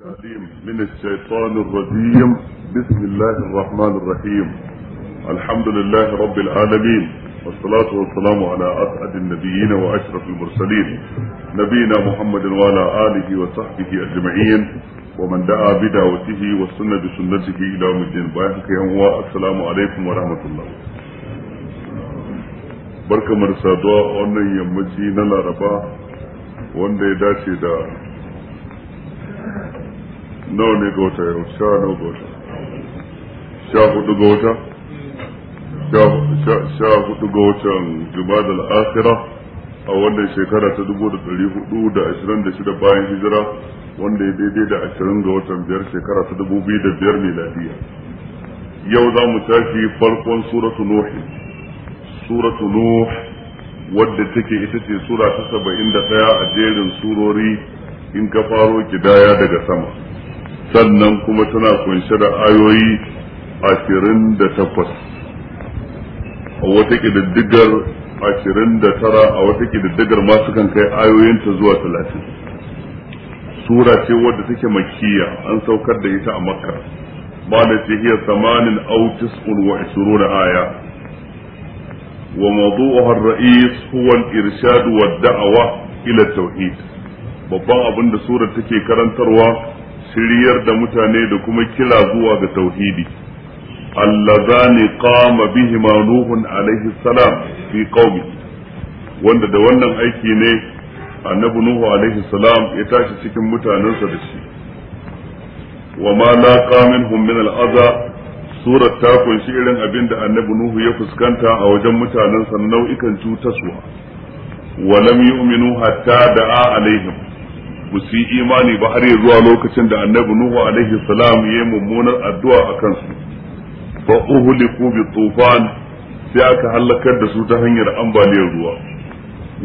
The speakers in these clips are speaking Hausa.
تعليم من الشيطان الرجيم بسم الله الرحمن الرحيم الحمد لله رب العالمين والصلاة والسلام على أسعد النبيين وأشرف المرسلين نبينا محمد وعلى آله وصحبه أجمعين ومن دعا بدعوته والسنة بسنته إلى يوم الدين بايحك يوم السلام عليكم ورحمة الله بركة مرسادة وأن يمشي نلا رباه وأن يداتي دا nawa ne ga wata yau sha nawa ga wata sha hudu ga wata sha hudu ga watan jumada al'akira a wannan shekara ta dubu da dari hudu da ashirin da shida bayan hijira wanda ya daidai da ashirin ga watan biyar shekara ta dubu biyu da biyar miladiya yau za mu tashi farkon suratu nuhi suratu nuh wadda take ita ce sura ta saba'in da ɗaya a jerin surori in ka faro kidaya daga sama sannan kuma tana kunshe da ayoyi ashirin da takwas a wata ƙididdigar ashirin da tara a wata ƙididdigar masu kan kai ayoyinta zuwa talatin sura ce wadda take makiya an saukar da ita a makka ba da ce hiya samanin au tis'un wa da aya wa mawdu'uha ar-ra'is huwa al-irshad wa ad ila tauhid babban abin da surar take karantarwa shiryar da mutane da kuma kira zuwa ga tauhidi allazani qama bihima nuhun alaihi salam fi qaumi wanda da wannan aiki ne annabi nuhu alaihi salam ya tashi cikin mutanensa da shi wa ma laqa minhum min al'aza surat ta kunshi irin abin da annabi nuhu ya fuskanta a wajen mutanensa nau'ikan cutaswa wa lam yu'minu hatta da'a alaihim ba su yi imani ba har ya zuwa lokacin da annabi nuhu alaihi salam ya yi mummunar addu'a a kansu fa uhliku bi tufan sai aka halakar da su ta hanyar ambaliyar ruwa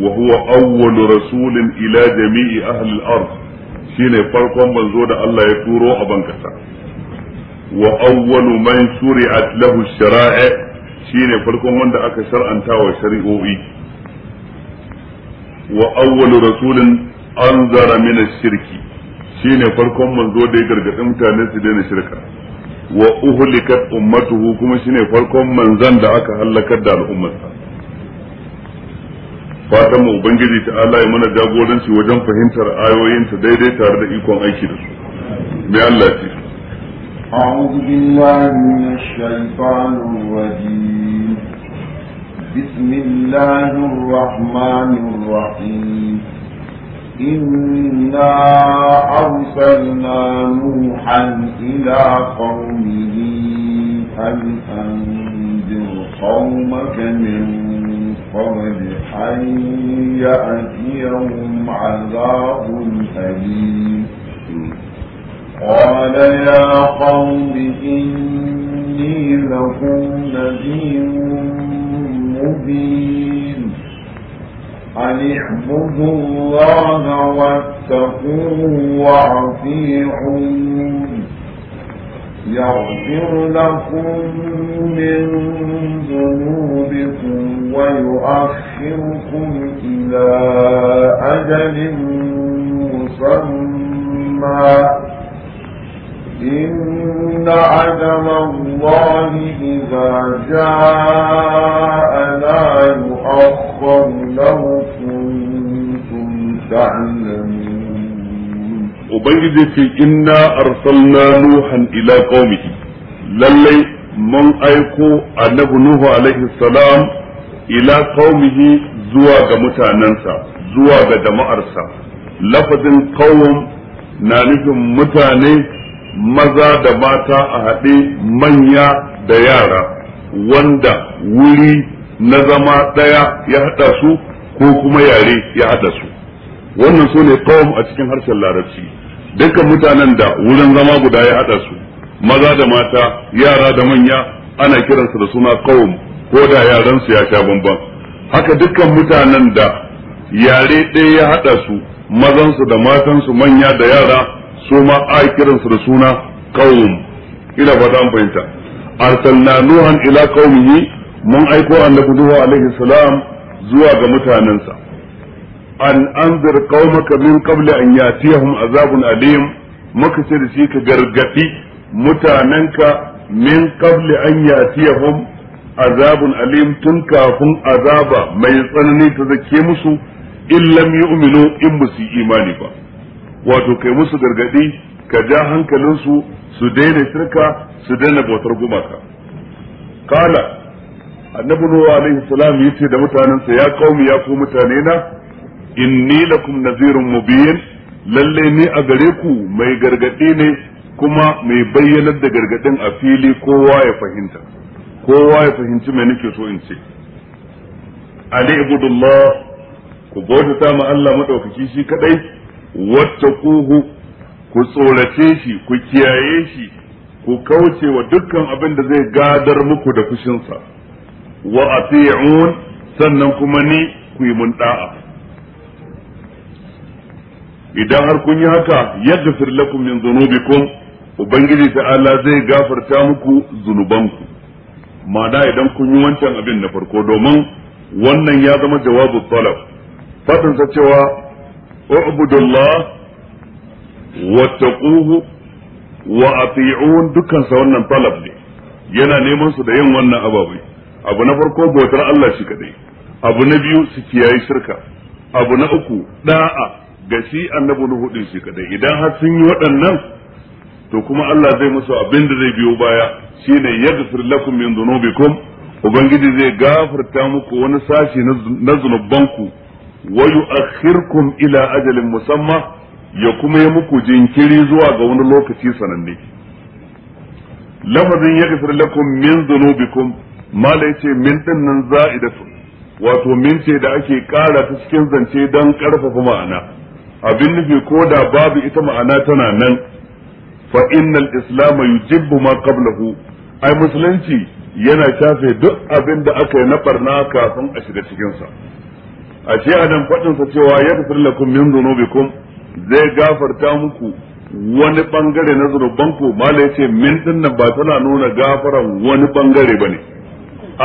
wa huwa awwalu rasulin ila jami'i ahli al-ard shine farkon manzo da Allah ya turo a bankasa wa awwalu man shuri'at lahu shara'i shine farkon wanda aka shar'anta wa shari'o'i wa awwalu rasulin an zara mina shirki shine farkon manzo da ya gargaɗi mutane su daina shirka wa uhlikat ummatuhu kuma shine farkon manzan da aka halakar da al'ummarsa fatan mu ubangiji ta'ala ya mana jagoranci wajen fahimtar ayoyin ta daidai tare da ikon aiki da su mai Allah ce أعوذ بالله من الشيطان الرجيم بسم الله الرحمن الرحيم إنا أرسلنا نوحا إلى قومه أن أنذر قومك من قبل أن يأتيهم عذاب أليم قال يا قوم إني لكم نذير مبين أن اعبدوا الله واتقوه وأطيعون يغفر لكم من ذنوبكم ويؤخركم إلى أجل مسمى إن عدم الله إذا جاء لا يؤخر لو كنتم تعلمون وبيد في إنا أرسلنا نوحا إلى قومه للي من أيكو أنه نوح عليه السلام إلى قومه زواج متعننسا زواج دمأرسا لفظ قوم na nufin mutane maza da mata a haɗe manya da yara wanda wuri na zama ɗaya ya haɗa su ko kuma yare ya haɗa su wannan su ne kawam a cikin harshen larabci dukkan mutanen da wurin zama guda ya haɗa su maza da mata yara da manya ana kiransu da suna kawam ko da yaransu ya sha bamban haka dukkan mutanen da yare ɗaya ya haɗa su mazansu da matansu manya da yara su ma a kiransu da suna qaum ina fata an fahimta arsalna nuhan ila qaumihi mun aiko annabi nuhu alaihi salam zuwa ga mutanensa an anzir qaumaka min qabli an yatiyahum azabun alim muka ce da shi ka gargadi mutanenka min qabli an yatiyahum azabun alim tun kafin azaba mai tsanani ta zake musu in lam yu'minu in musu imani ba wato kai musu gargadi ka ja hankalinsu su daina shirka su daina bautar gumaka kala annabi nuhu alaihi salam yace da mutanensa ya kaumi ya ku mutane na inni lakum nazirun mubin lalle ni a gare ku mai gargadi ne kuma mai bayyanar da gargadin a fili kowa ya fahimta kowa ya fahimci mai nake so in ce ali ibudullah ku bauta ma Allah madaukaki shi kadai wattaquhu ku tsorace shi ku kiyaye shi ku kauce wa dukkan abin da zai gadar muku da fushinsa wa ati'un sannan kuma ni ku yi mun da'a idan har kun yi haka yaghfir lakum min dhunubikum ubangiji ta'ala zai gafarta muku zunubanku da idan kun yi wancan abin na farko domin wannan ya zama jawabu talab fatan sa cewa اعبدوا الله wattaquhu wa wannan talab ne yana neman su da yin wannan ababai abu na farko bautar Allah shi kadai abu na biyu su kiyaye shirka abu na uku da'a ga shi annabi Nuhu din shi kadai idan har sun yi waɗannan to kuma Allah zai musu abin da zai biyo baya shine yaghfir lakum min dhunubikum ubangiji zai gafarta muku wani sashi na zunubanku wa yu'akhirkum ila ajalin musamma ya kuma yi muku jinkiri zuwa ga wani lokaci sananne lafazin yaghfir lakum min dhunubikum mala yace min dinnan za'idatu wato min ce da ake kara ta cikin zance dan karfafa ma'ana abin nufi ko da babu ita ma'ana tana nan fa innal islam yujibbu ma qablahu ai musulunci yana shafe duk abin da aka yi na barna kafin a shiga cikinsa a ce faɗin sa cewa ya tafi lakum min zunubikum zai gafarta muku wani bangare na zunubanku mala ya ce min din nan ba tana nuna gafaran wani bangare ba ne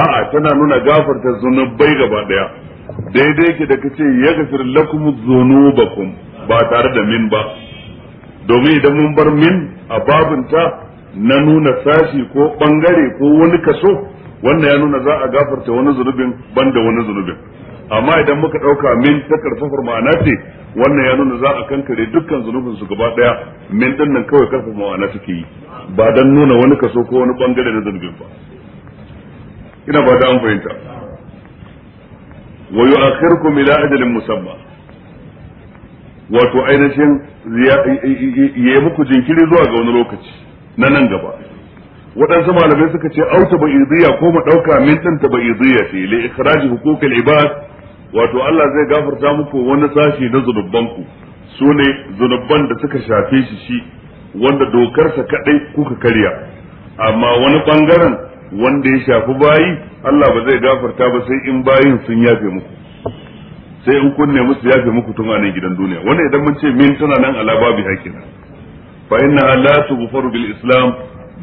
a'a tana nuna gafarta zunubai gaba daya daidai yake da kace ya gafir lakum zunubakum ba tare da min ba domin idan mun bar min a ta na nuna sashi ko bangare ko wani kaso wannan ya nuna za a gafarta wani zunubin banda wani zunubin amma idan muka ɗauka min ta karfafar ma'ana ce wannan ya nuna za a kankare dukkan zunubin su gaba ɗaya min ɗin nan kawai karfafa ma'ana suke yi ba don nuna wani kaso ko wani bangare na zunubin ba ina ba da an fahimta wa yu'akhirukum ila ajalin musamma wato ainihin ya yi muku jinkiri zuwa ga wani lokaci na nan gaba waɗansu malamai suka ce auta ba ko mu ɗauka min ɗin ta ba ce li ikhraji hukukul ibad wato Allah zai gafarta muku wani sashi na zunubanku su ne zunuban da suka shafe shi shi wanda dokarsa kadai kuka karya amma wani bangaren wanda ya shafi bayi Allah ba zai gafarta ba sai in bayin sun yafe muku sai in kunne musu yafe muku tun a nan gidan duniya wannan idan mun ce min tana nan ala babu hakina fa inna la tughfaru bil islam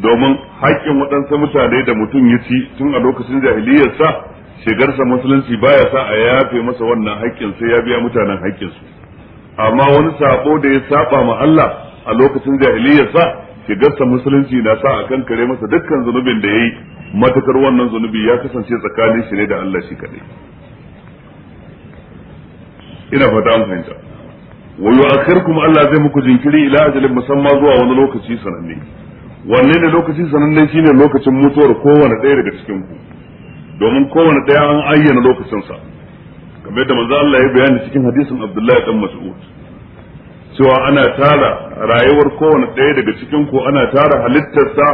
domin haƙƙin waɗansu mutane da mutum ya ci tun a lokacin sa shigarsa musulunci baya sa a yafe masa wannan haƙƙin sai ya biya mutanen su amma wani sabo da ya saba ma Allah a lokacin sa shigarsa musulunci na sa a kan kare masa dukkan zunubin da ya yi matukar wannan zunubi ya kasance tsakanin shi ne da Allah shi kaɗai ina fata an fahimta wa yu'akhirkum Allah zai muku jinkiri ila ajalin musamman zuwa wani lokaci sananne wanne ne lokaci sananne shine lokacin mutuwar kowane ɗaya daga cikin ku domin kowane daya an ayyana lokacinsa kamar da manzo Allah ya bayani cikin hadisin Abdullahi dan Mas'ud cewa ana tara rayuwar kowane daya daga cikin ku ana tara halittarsa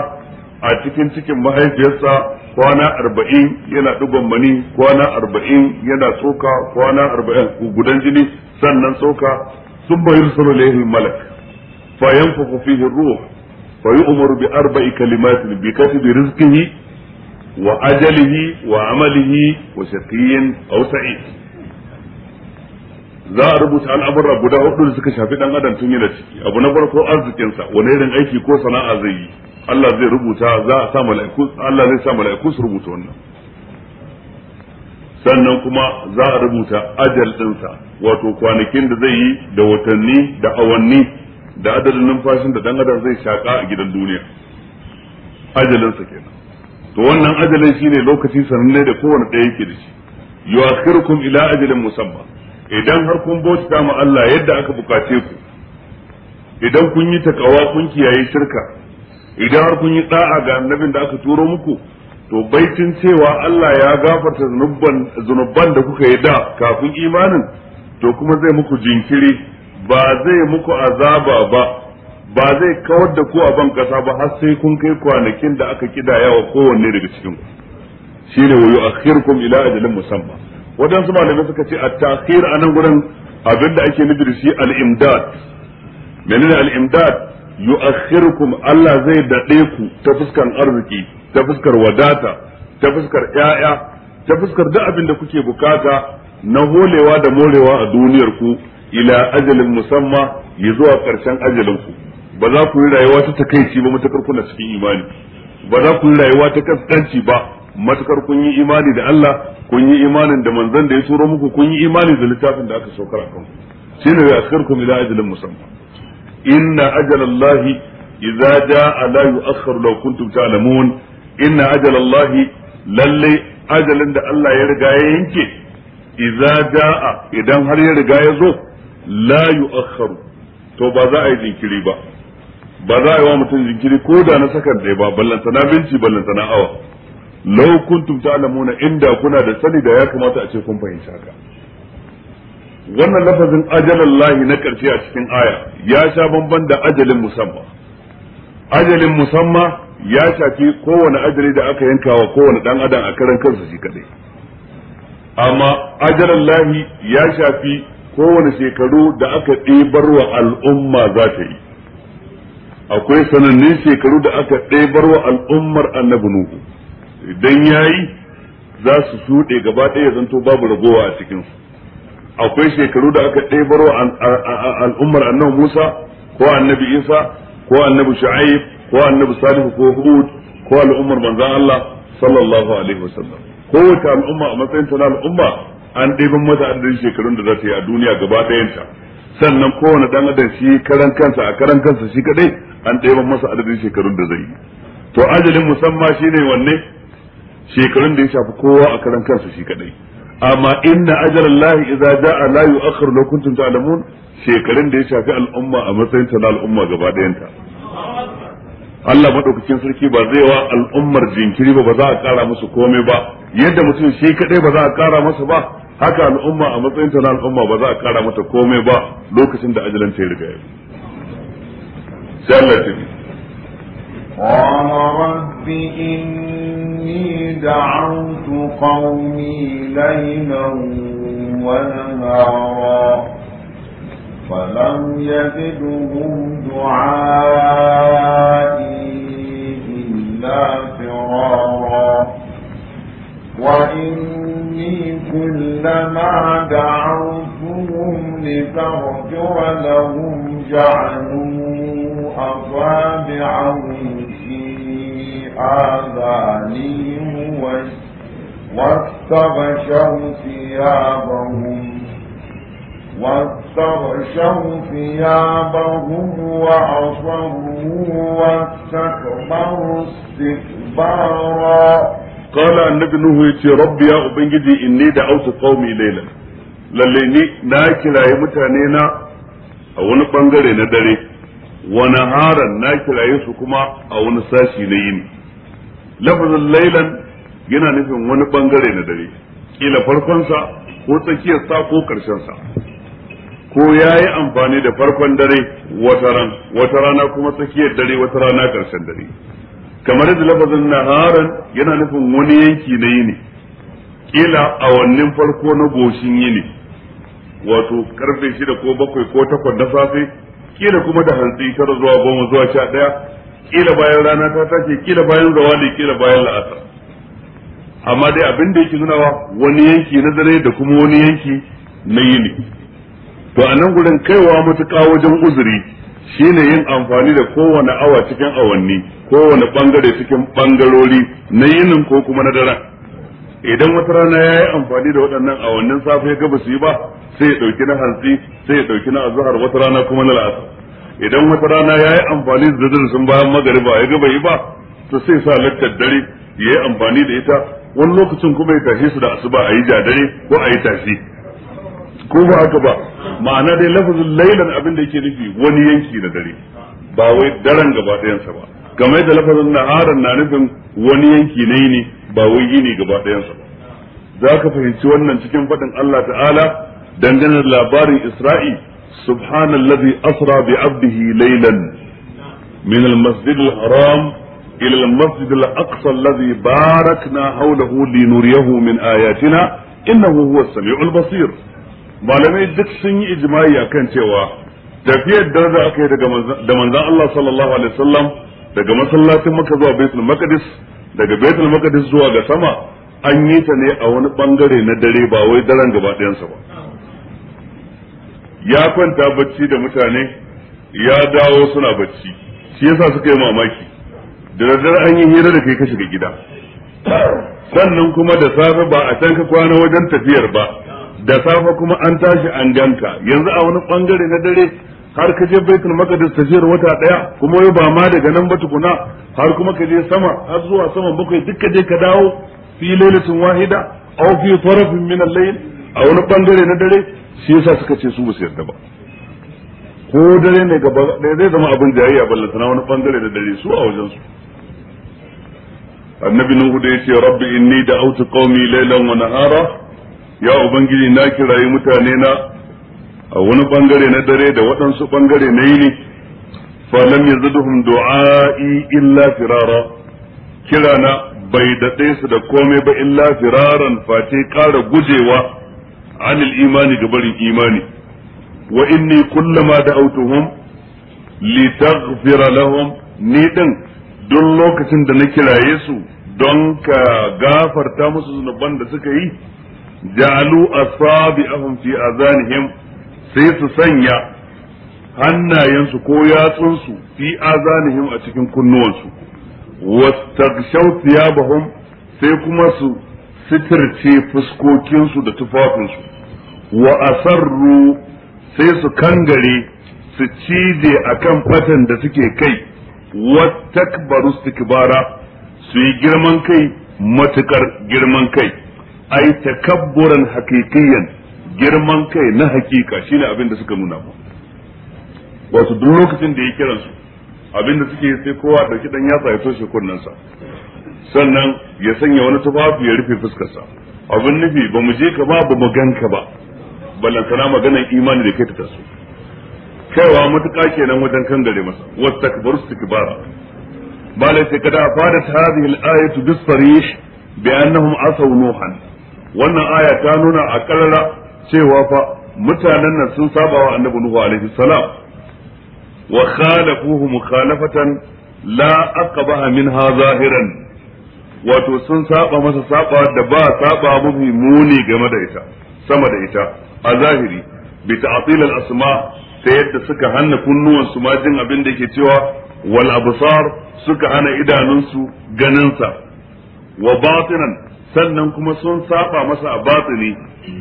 a cikin cikin mahaifiyarsa kwana arba'in yana ɗigon mani kwana arba'in yana tsoka kwana arba'in gudan jini sannan tsoka sun bayar sulu lehin malak fayan fufufihin ruwa fayi umaru bi arba'i kalimatin bi kasi bi rizkihi wa ajalihi wa amalihi wa shaqiyin za a rubuta al'amurra guda hudu da suka shafi dan adam tun yana ciki abu na farko arzikinsa wani irin aiki ko sana'a zai yi Allah zai rubuta za a sa mala'iku Allah zai sa mala'iku su rubuta wannan sannan kuma za a rubuta ajal dinsa wato kwanakin da zai yi da watanni da awanni da adadin numfashin da dan adam zai shaka a gidan duniya ajalinsa kenan to wannan ajalin shine lokaci sananne da kowane ɗaya yake da shi yu'akhirukum ila ajalin musamma idan har kun bauta ma Allah yadda aka bukace ku idan kun yi takawa kun kiyaye shirka idan har kun yi da'a ga annabin da aka turo muku to baitin cewa Allah ya gafarta zunuban da kuka yi da kafin imanin to kuma zai muku jinkiri ba zai muku azaba ba ba zai kawar da ku a ban kasa ba har sai kun kai kwanakin da aka kidaya wa kowanne daga cikin ku shine wa yu'akhirukum ila ajalin musamma wadansu malamai suka ce at-ta'khir anan gurin abinda ake nufi da shi al-imdad menene al-imdad yu'akhirukum Allah zai dade ku ta fuskan arziki ta fuskar wadata ta fuskar yaya ta fuskar duk abin da kuke bukata na holewa da morewa a duniyar ku ila ajalin musamma ya zuwa ƙarshen ajalin ku ba za ku yi rayuwa ta takaici ba matakar kuna cikin imani ba za ku yi rayuwa ta kaskanci ba matakar kun yi imani da Allah kun yi imanin da manzon da ya turo muku kun yi imani da littafin da aka saukar a kanku shine ya askarkum ila ajalin musamman inna ajalallahi idza jaa la yu'akhkharu law kuntum ta'lamun inna ajalallahi lalle ajalin da Allah ya riga ya yanke idza jaa idan har ya riga ya zo la yu'akhkharu to ba za a yi jinkiri ba ba za a yi wa mutum jinkiri ko da na sakar da ba ballanta na binci ballanta na awa kun tumta alamuna inda kuna da sani da ya kamata a ce kun fahimci haka wannan lafazin lahi na karshe a cikin aya ya sha bamban da ajalin musamma ajalin musamma ya shafi kowane ajali da aka yanka wa kowane dan adam a karan kansa shi kadai amma lahi ya shafi kowane shekaru da aka ɗebar wa al'umma za ta yi akwai sanannin shekaru da aka ɗebar wa al'ummar annabi nuhu idan ya yi za su shuɗe gaba ɗaya zanto babu ragowa a cikinsu. akwai shekaru da aka ɗebar wa al'ummar annabi Musa ko annabi Isa ko annabi Shu'aib ko annabi Salihu ko Hud ko al'ummar manzan Allah sallallahu alaihi wasallam wata al'umma a matsayin ta na al'umma an ɗeban mata adadin shekarun da za ta yi a duniya gaba ɗayanta sannan kowane dan adam shi karan kansa a karan kansa shi kadai an ɗaya masa adadin shekarun da zai yi to ajalin shi ne wanne shekarun da ya shafi kowa a karan kansa shi kadai amma inna ajalallahi idza jaa la yu'akhkhar law kuntum ta'lamun shekarun da ya shafi al'umma a matsayin ta na al'umma gaba ɗayanta Allah madaukakin sarki ba zai wa al'ummar jinkiri ba ba za a kara musu komai ba yadda mutum shi kadai ba za a kara masa ba haka al'umma a matsayin ta na al'umma ba za a kara mata komai ba lokacin da ajalin ta riga ya sai Allah ta bi قال رب إني دعوت قومي ليلا ونهارا فلم يزدهم دعائي كلما دعوتهم لتغفر لهم جعلوا أصابعهم في آذانهم واستغشوا ثيابهم واستغشوا ثيابهم وأصروا واستكبروا استكبارا qala annabi nuhu yace rabbi ya ubangiji inni da autu qaumi laylan lalle ni na kiraye mutane a wani bangare na dare wa naharan na kiraye su kuma a wani sashi na yini lafazin laylan yana nufin wani bangare na dare Ƙila farkonsa ko tsakiyarsa ko karshensa ko ya yi amfani da farkon dare wata ran wata rana kuma tsakiyar dare wata rana karshen dare kamar da lafazin naharan yana nufin wani yanki na yini kila awannin farko na goshin yini wato karfe shida ko bakwai ko takwas na safe kila kuma da hantsi tara zuwa goma zuwa sha ɗaya kila bayan rana ta tashi kila bayan zawali kila bayan la'asar amma dai abin da yake nunawa wani yanki na dare da kuma wani yanki na yini to a nan gurin kaiwa matuƙa wajen uzuri shine yin amfani da kowane awa cikin awanni kowane bangare cikin bangarori na yinin ko kuma na dara, idan wata rana ya yi amfani da waɗannan a wannan safe ya gaba su yi ba sai ya ɗauki na hantsi sai ya ɗauki na azuhar wata rana kuma na la'asar idan wata rana ya yi amfani da sun bayan magariba ya gaba yi ba to sai sa lattar dare ya yi amfani da ita wani lokacin kuma ya tashi su da asuba a yi jadare ko a yi tashi ko ba haka ba ma'ana dai lafazin lailan abin da yake nufi wani yanki na dare ba wai daren gaba ɗayansa ba game da lafazin naharan na nufin wani yanki na yini ba wai yini gaba ɗayansa ba za ka fahimci wannan cikin faɗin Allah ta'ala dangane da labarin Isra'i subhanallazi asra bi abdihi laylan min al-masjid al-haram ila al-masjid al allazi barakna hawlahu linuriyahu min ayatina innahu huwa as-sami'ul basir malamai duk sun yi ijma'i akan cewa tafiyar da aka yi daga manzon Allah sallallahu alaihi wasallam daga masallacin maka zuwa baitul maqdis daga baitul maqdis zuwa ga sama an yi ta ne a wani bangare na dare ba wai daren gaba ɗayansa ba ya kwanta bacci da mutane ya dawo suna bacci shi yasa suka yi mamaki da daddare an yi hira da kai ka shiga gida sannan kuma da safe ba a can ka kwana wajen tafiyar ba da safe kuma an tashi an ganka yanzu a wani bangare na dare har ka je baitul maqdis jira wata daya kuma yau ba ma daga nan ba tukuna har kuma ka je sama har zuwa sama bakwai duk ka je ka dawo fi lailatin wahida aw fi tarafin min al-layl a wani bangare na dare shi yasa suka ce su ba su yarda ba ko dare ne gaba ɗaya zai zama abin jayayya sana wani bangare da dare su a wajen su annabi nuhu da yace rabbi inni da'awtu qaumi laylan wa nahara ya ubangiji na kirayi mutane na a wani bangare na dare da waɗansu bangare na yini falam yaziduhum du'a'i illa firara kirana bai daɗe su da komai ba illa firaran face ƙara gujewa anil imani ga barin imani wa inni kullama da litaghfira lahum ni din duk lokacin da na kiraye su don ka gafarta musu zunuban da suka yi ja'alu asabi'ahum fi azanihim sai su sanya hannayensu ko yatsunsu fi azanihim a cikin kunnuwansu wastaghshaw thiyabahum sai kuma su sitirce fuskokinsu da tufafinsu wa asarru sai su kangare su cije akan fatan da suke kai wattakbaru istikbara su yi girman kai matukar girman kai ai takabburan hakikiyan girman kai na hakika shine abin da suka nuna ba wasu duk lokacin da ya kiransu su abin da suke sai kowa dauki ɗan yatsa ya toshe kunnensa sannan ya sanya wani tufafi ya rufe fuskarsa abin nufi ba mu je ka ba ba mu ganka ba balantana maganar imani da kai ta taso kaiwa matuƙa kenan wajen kan gare masa su istikbara bala sai kada afadat hadhihi ta ayatu bis-sarih bi annahum asaw nuhan wannan aya ta nuna a karara cewa fa mutanen nan sun saba wa annabi nuhu alaihi salam wa khalaquhu mukhalafatan la aqbaha minha zahiran wato sun saba masa saba da ba saba mafi muni game da ita sama da ita a zahiri bi ta'til al asma ta yadda suka hanna kunnuwan su ma jin abin da yake cewa wal absar suka hana idanunsu ganin sa wa batinan sannan kuma sun saba masa a batsini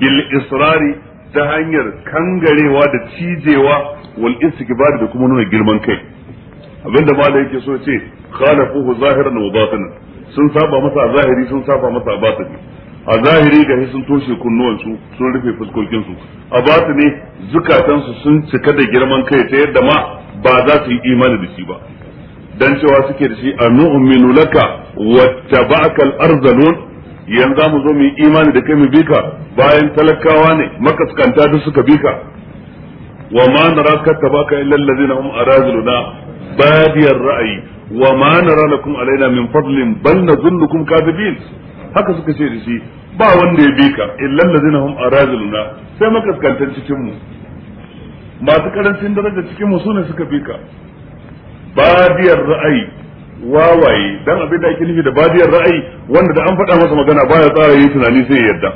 bil israri ta hanyar kangarewa da cijewa wal istikbar da kuma nuna girman kai abinda mala yake so ce khalafuhu zahiran wa batinan sun saba masa a zahiri sun saba masa a batini a zahiri ga sun toshe su sun rufe fuskokinsu a batini zukatansu sun cika da girman kai ta yadda ma ba za su yi imani da shi ba dan cewa suke da shi a nu'minu laka wa tabakal arzalun yanzu za mu zo mu yi imani da kai mu bika bayan talakawa ne makaskanta duk suka bika wa ma nara kattabaka illa allazina hum araziluna badiyar ra'ayi wa ma nara lakum alaina min fadlin bal nazunnukum kadibin haka suka ce da shi ba wanda ya bika illa allazina hum arazuluna sai makaskantan cikin mu masu karancin daraja cikin mu sune suka bika badiyar ra'ayi wawaye dan abin da ake nufi da badiyar ra'ayi wanda da an faɗa masa magana baya tsara yin tunani sai ya yarda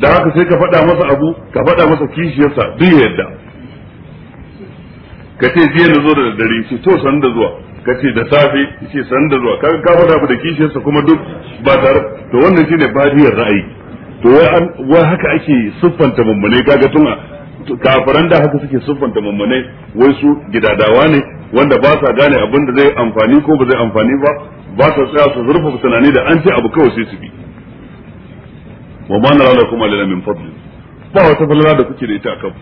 da haka sai ka faɗa masa abu ka faɗa masa kishiyarsa duk ya yarda ka ce jiya na zo da dare ce to san da zuwa ka ce da safe ce san da zuwa kaga ka faɗa abu da kishiyarsa kuma duk ba tare to wannan shine badiyar ra'ayi to wai haka ake siffanta mummune kaga tun kafiran da haka suke siffanta mummunai wai su gidadawa ne wanda ba sa gane abin da zai amfani ko ba zai amfani ba ba sa tsaya su zurfa tunani da an ce abu kawai sai su bi wa ma nara lakum alina min fadli ba wata falala da kuke da ita akan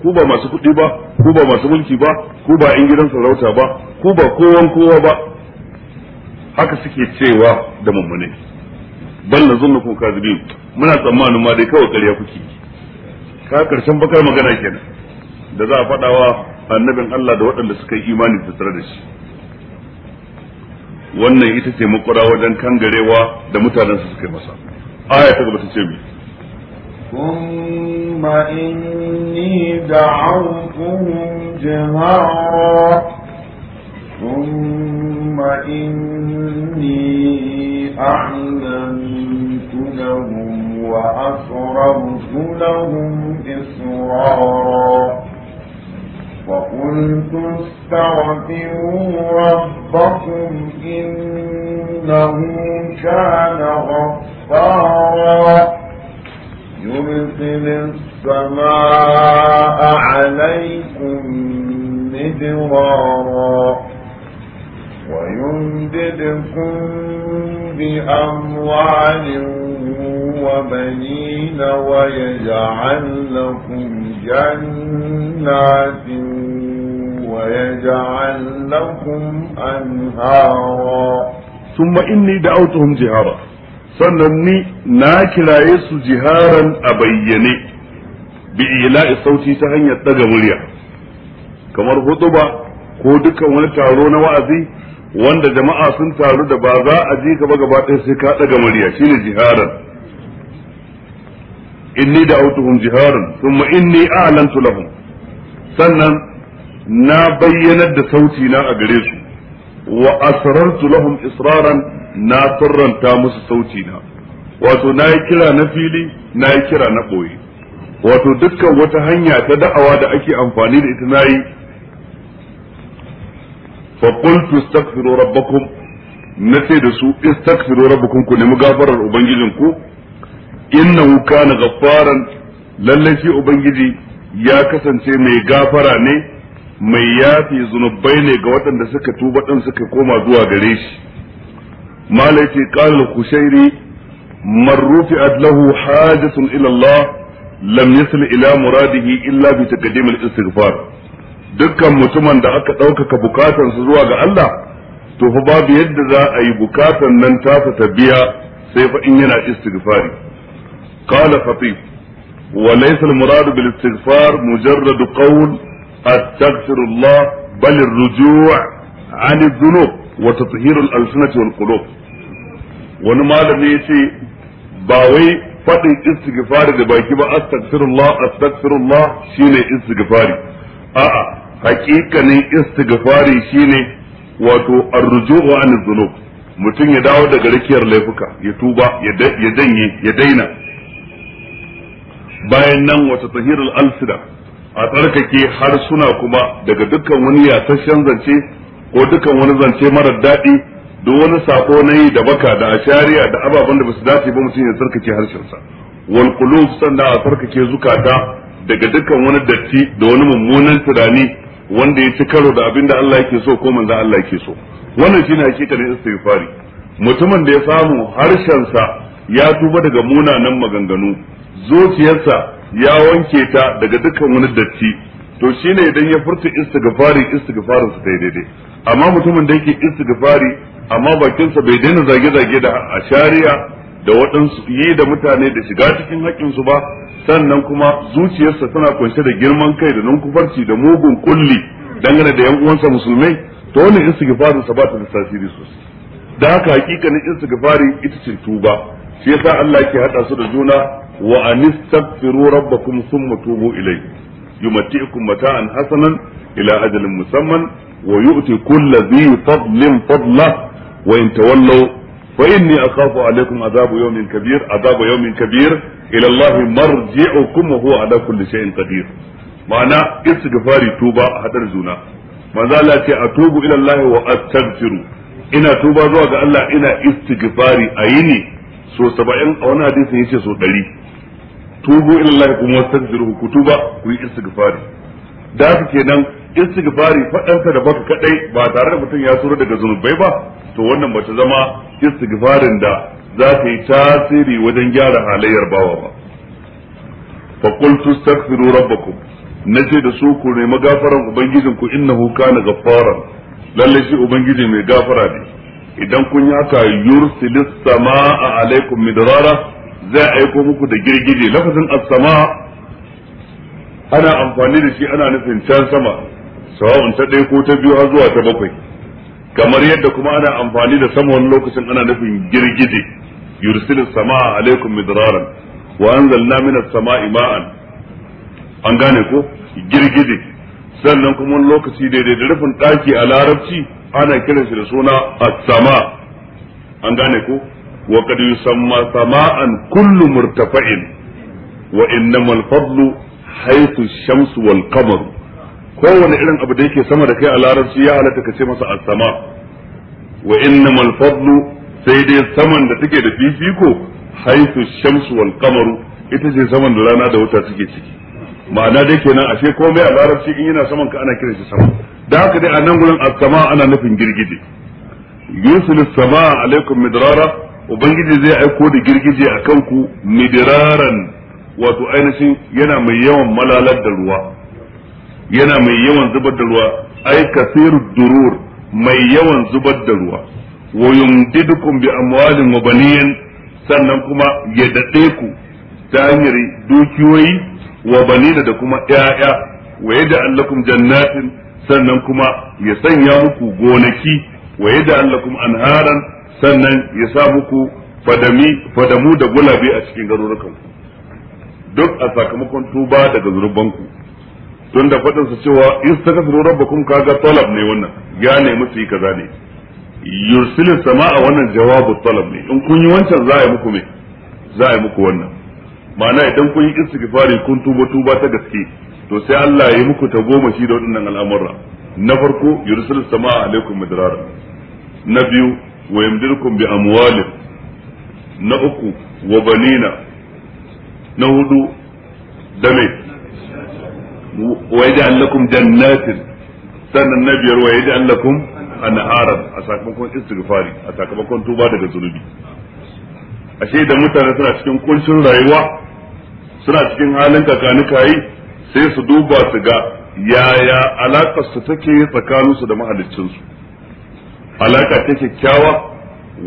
ku ba masu kuɗi ba ku ba masu mulki ba ku ba in gidan sarauta ba ku ba kowan kowa ba haka suke cewa da mummunai bal nazunnukum kadibin muna tsammanin ma dai kawai ƙarya kuke yi ta karshen bakar magana kenan da za a faɗawa annabin Allah da waɗanda suka yi imani da tare da shi wannan ita ce makura wajen kangarewa da mutanen su suka yi masa aya ta gaba ta ce mi kuma inni دعوتهم جهارا ثم إني أعلمت لهم وأسررت لهم إسرارا وقلت استغفروا ربكم إنه كان غفارا جنات ويجعل لكم أنهارا ثم إني دعوتهم جهارا sannan na kiraye su jiharan a bayyane bi ila'i sauti ta hanyar daga murya kamar ba ko dukkan wani taro na wa'azi wanda jama'a sun taru da ba za a ji gaba gaba ɗaya sai ka daga murya shine jiharan inni da autuhum jiharan thumma inni a'lantu lahum sannan na bayyanar da sauti na a gare su wa asrartu lahum israran na sirranta musu sauti na wato na yi kira na fili na yi kira na ɓoye wato dukkan wata hanya ta da'awa da ake amfani da ita na yi faƙultu stakfiro rabbakum na ce da su istakfiro rabbakum ku nemi gafarar ubangijinku innahu kana gaffaran lallai shi ubangiji ya kasance mai gafara ne mai yafi zunubai ne ga waɗanda suka tuba ɗin suka koma zuwa gare shi malaiti qala kushairi man rufi'at lahu hajatun ila Allah lam yasil ila muradihi illa bi taqdim al-istighfar dukkan mutumin da aka ɗaukaka bukatansa zuwa ga Allah to fa babu yadda za a yi bukatan nan ta biya sai fa in yana istighfari qala khatib وليس المراد بالاستغفار مجرد قول استغفر الله بل الرجوع عن الذنوب وتطهير الألسنة والقلوب wani malami ya ce ba wai faɗin istighfari da baki ba astaghfirullah astaghfirullah shine istighfari a'a haƙiƙanin istighfari shine wato arrujuu an dhunub mutum ya dawo daga rikiyar laifuka ya tuba ya daina bayan nan wata tahirul alsida a tsarkake harsuna kuma daga dukkan wani yasasshen zance ko dukkan wani zance marar daɗi duk wani sako na yi da baka da ashariya da ababen da basu dace ba mutum ya tsarkake harshensa wal qulub sannan a tsarkake zukata daga dukkan wani datti da wani mummunan tunani wanda ya ci karo da abin da Allah yake so ko manzo Allah yake so wannan shine hakikanin fari mutumin da ya samu harshensa ya tuba daga munanan maganganu zuciyarsa ya wanke ta daga dukkan wani datti to shine idan ya furta istighfari istighfarin sa daidai amma mutumin da yake istighfari amma bakinsa bai daina zage-zage da a shari'a da waɗansu yi da mutane da shiga cikin su ba sannan kuma zuciyarsa tana kunshe da girman kai da nunkufarci da mugun kulli dangane da yan uwansa musulmai to wannan istighfarin sa ba ta da tasiri sosai da haka hakikanin istighfari ita ce tuba shi yasa Allah yake hada su da juna wa anistaghfiru rabbakum thumma tubu ilayhi yumati'ukum mata'an hasanan ila ajalin musamman wa yu'ti kulli dhi fadlin fadla wa in tawallaw fa inni akhafu alaykum adhabu yawmin kabir adhabu yawmin kabir ila Allah marji'ukum wa huwa ala kulli shay'in qadir ma'ana istighfari tuba hadar juna manzo Allah ce atubu ila Allah wa astaghfiru ina tuba zuwa ga Allah ina istighfari ayini so saba'in a wani hadisin yace so ɗari tubu ilallahi kuma wastaghfiruhu ku tuba ku yi istighfari da haka kenan istighfari faɗansa da baka kadai ba tare da mutum ya tsoro daga zunubai ba to wannan bata zama istighfarin da za ta yi tasiri wajen gyara halayyar bawa ba fa qultu astaghfiru rabbakum nace da su ku nemi gafaran ubangijinku innahu kana ghaffara lalle shi ubangiji mai gafara ne idan kun yi haka sama sama'a alaikum midrara zai aiko muku da girgije lafazin as-sama ana amfani da shi ana nufin can sama sawa'un ta ɗaya ko ta biyu har zuwa ta bakwai kamar yadda kuma ana amfani da sama wani lokacin ana nufin girgije yursilis sama'a alaikum midraran wa anzalna minas sama'i ma'an an gane ko girgije sannan kuma wani lokaci daidai da rufin ɗaki a larabci ana kiran shi da suna as-sama an gane ko wa qad yusamma sama'an kullu murtafa'in wa innamal fadlu haythu shamsu wal qamar kowane irin abu da yake sama da kai a larabci ya halatta ka ce masa as-sama wa innamal fadlu sai dai saman da take da fifiko haythu ash-shamsu wal qamar ita ce saman da rana da wata suke ciki ma'ana dai kenan ashe komai a larabci in yana saman ka ana kiran sama da haka dai a nan gurin as-sama ana nufin girgije yusul sama alaikum midrara ubangiji zai aiko da girgije a kanku midiraran wato ainihin yana mai yawan malalar da ruwa yana mai yawan zubar da ruwa ai kasir durur mai yawan zubar da ruwa wa yumdidukum bi amwalin wa baniyin sannan kuma ya dade ku ta hanyar dukiyoyi wa banina da kuma 'ya'ya wa yaj'al lakum jannatin sannan kuma ya sanya muku gonaki wa Allah lakum anharan sannan ya sa muku fadami fadamu da gulabe a cikin garurukan duk a sakamakon tuba daga zunubanku tun da faɗin su cewa in saka su rabbakum kaga talab ne wannan ya nemi su yi kaza ne yursilin sama'a wannan jawabu talab ne in kun yi wancan za a yi muku me za a yi muku wannan ma'ana idan kun yi istighfari kun tuba tuba ta gaske to sai Allah ya yi muku shi da waɗannan al'amura na farko yursil sama'a alaikum madrara na biyu wa yamdirkum bi amwalin na uku wa banina na hudu da me wa yaj'al lakum jannatin sannan na biyar wa yaj'al lakum anharan a sakamakon istighfari a sakamakon tuba daga zunubi ashe da mutane suna cikin kuncin rayuwa suna cikin halin kakani yi sai su duba su ga yaya alakar su take tsakanin su da mahaliccin su alaka ta kyakkyawa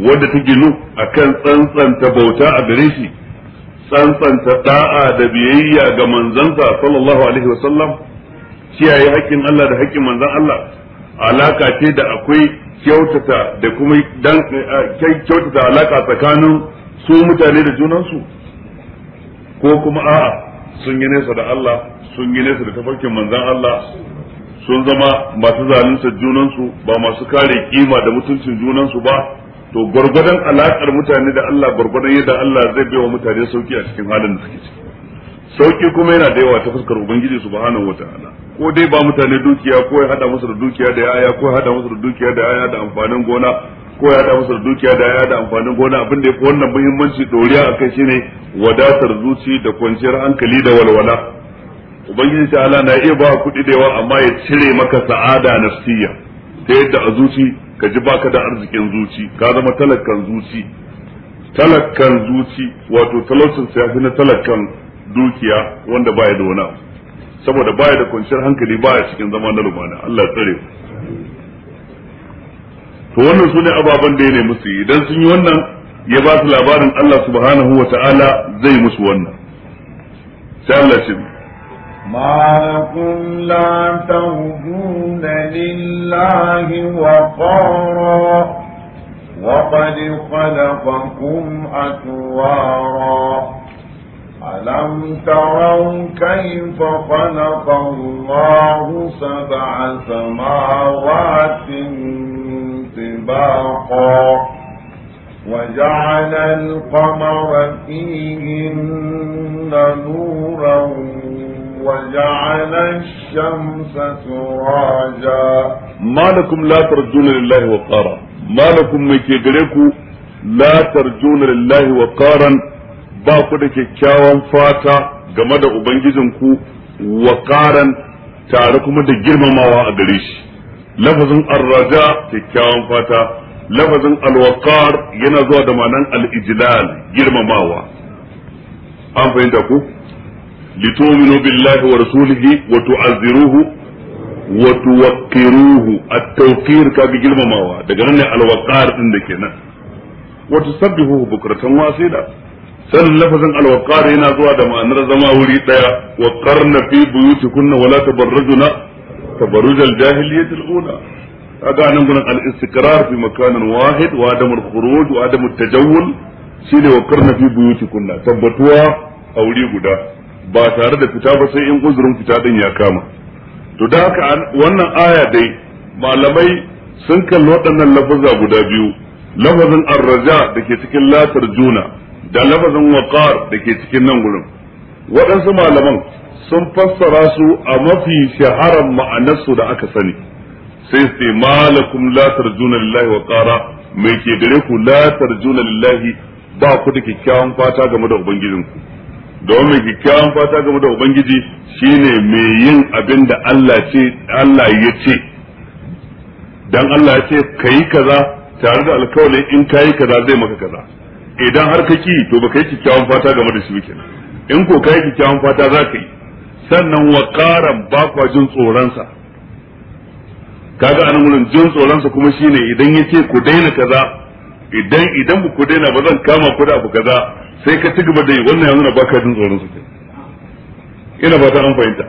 wanda ta ginu akan tsantsanta bauta a gare shi tsantsanta da'a da biyayya ga manzansa sallallahu alaihi wasallam kiyaye haƙƙin Allah da haƙƙin manzan Allah alaka ce da akwai kyautata da kuma dan eh, kyautata alaka tsakanin su mutane da junansu ko kuma a'a sun yi nesa da Allah sun yi nesa da tafarkin manzan Allah sun zama masu zalunta junansu ba masu kare kima da mutuncin junansu ba to gwargwadon alaƙar mutane da Allah gwargwadon yadda Allah zai bai wa mutane sauki a cikin halin da suke ciki sauki kuma yana da yawa ta fuskar ubangiji subhanahu wataala ko dai ba mutane dukiya ko ya hada musu da dukiya da yaya ko ya hada musu da dukiya da yaya da amfanin gona ko ya da da dukiya da ya da amfanin gona abin da ya fi wannan muhimmanci doriya a kai shine wadatar zuci da kwanciyar hankali da walwala ubangiji ta ala na iya ba kuɗi da yawa amma ya cire maka sa'ada nafsiyya ta yadda a zuci ka ji baka da arzikin zuci ka zama talakan zuci talakan zuci wato talaucin sa na talakan dukiya wanda baya da wani saboda baya da kwanciyar hankali baya cikin zama na lumana Allah tsare to wannan su ne ababen da ya nemi su idan sun yi wannan ya ba su labarin Allah subhanahu wa zai musu wannan sai Allah shi ma kun la tawuna lillahi wa qara wa qad khalaqakum atwara ألم تروا كيف خلق الله سبع سماوات سباقا وجعل القمر فيهن نورا وجعل الشمس سراجا ما لكم لا ترجون لله وقارا ما لكم ميكي غريكو لا ترجون لله وقارا ba ku da kyakkyawan fata game da Ubangijinku wa ƙaran tare kuma da girmamawa a gare shi. lafazin arraja kyakkyawan fata lafazin alwaqar yana zuwa da ma'anan alijilal girmamawa an fahimta ku litu'minu billahi wa rasulihi wa tu'azziruhu wa tuwaqqiruhu at-tawqir ka bi girmamawa daga nan ne alwaqar din da kenan wa tusabbihuhu bukratan wasila sannan lafazin alwaqar yana zuwa da ma'anar zama wuri daya wa qarna fi buyutikunna wa la tabarrajuna تبرج الجاهلية الأولى هذا أنا نقول الاستقرار في مكان واحد وعدم الخروج وعدم التجول shine wa karna fi buyutikunna tabbatuwa a wuri guda ba tare da fita ba sai in uzurin fita din ya kama to da haka wannan aya dai malamai sun kalli waɗannan lafaza guda biyu lafazin arraja da ke cikin latar juna da lafazin waqar da ke cikin nan gurin waɗansu malaman sun fassara su a mafi shaharar ma'anarsu da aka sani sai su malakum la tarjuna lillahi wa qara mai ke gare ku la tarjuna lillahi ba ku da kikkiawan fata game da ubangijinku don mai kikkiawan fata game da ubangiji shine mai yin abin da Allah ce Allah ya ce dan Allah ya ce kai kaza tare da alkawarin in kai kaza zai maka kaza idan har ka to baka yi kikkiawan fata game da shi kenan in ko kai kikkiawan fata za ka yi sannan ƙara ba kwa jin tsoronsa kaga anan wurin jin tsoronsa kuma shine idan yace ku daina kaza idan idan ku daina ba zan kama ku da abu kaza sai ka ci gaba yi wannan yanzu na baka jin tsoronsa. ke ina ta an fahimta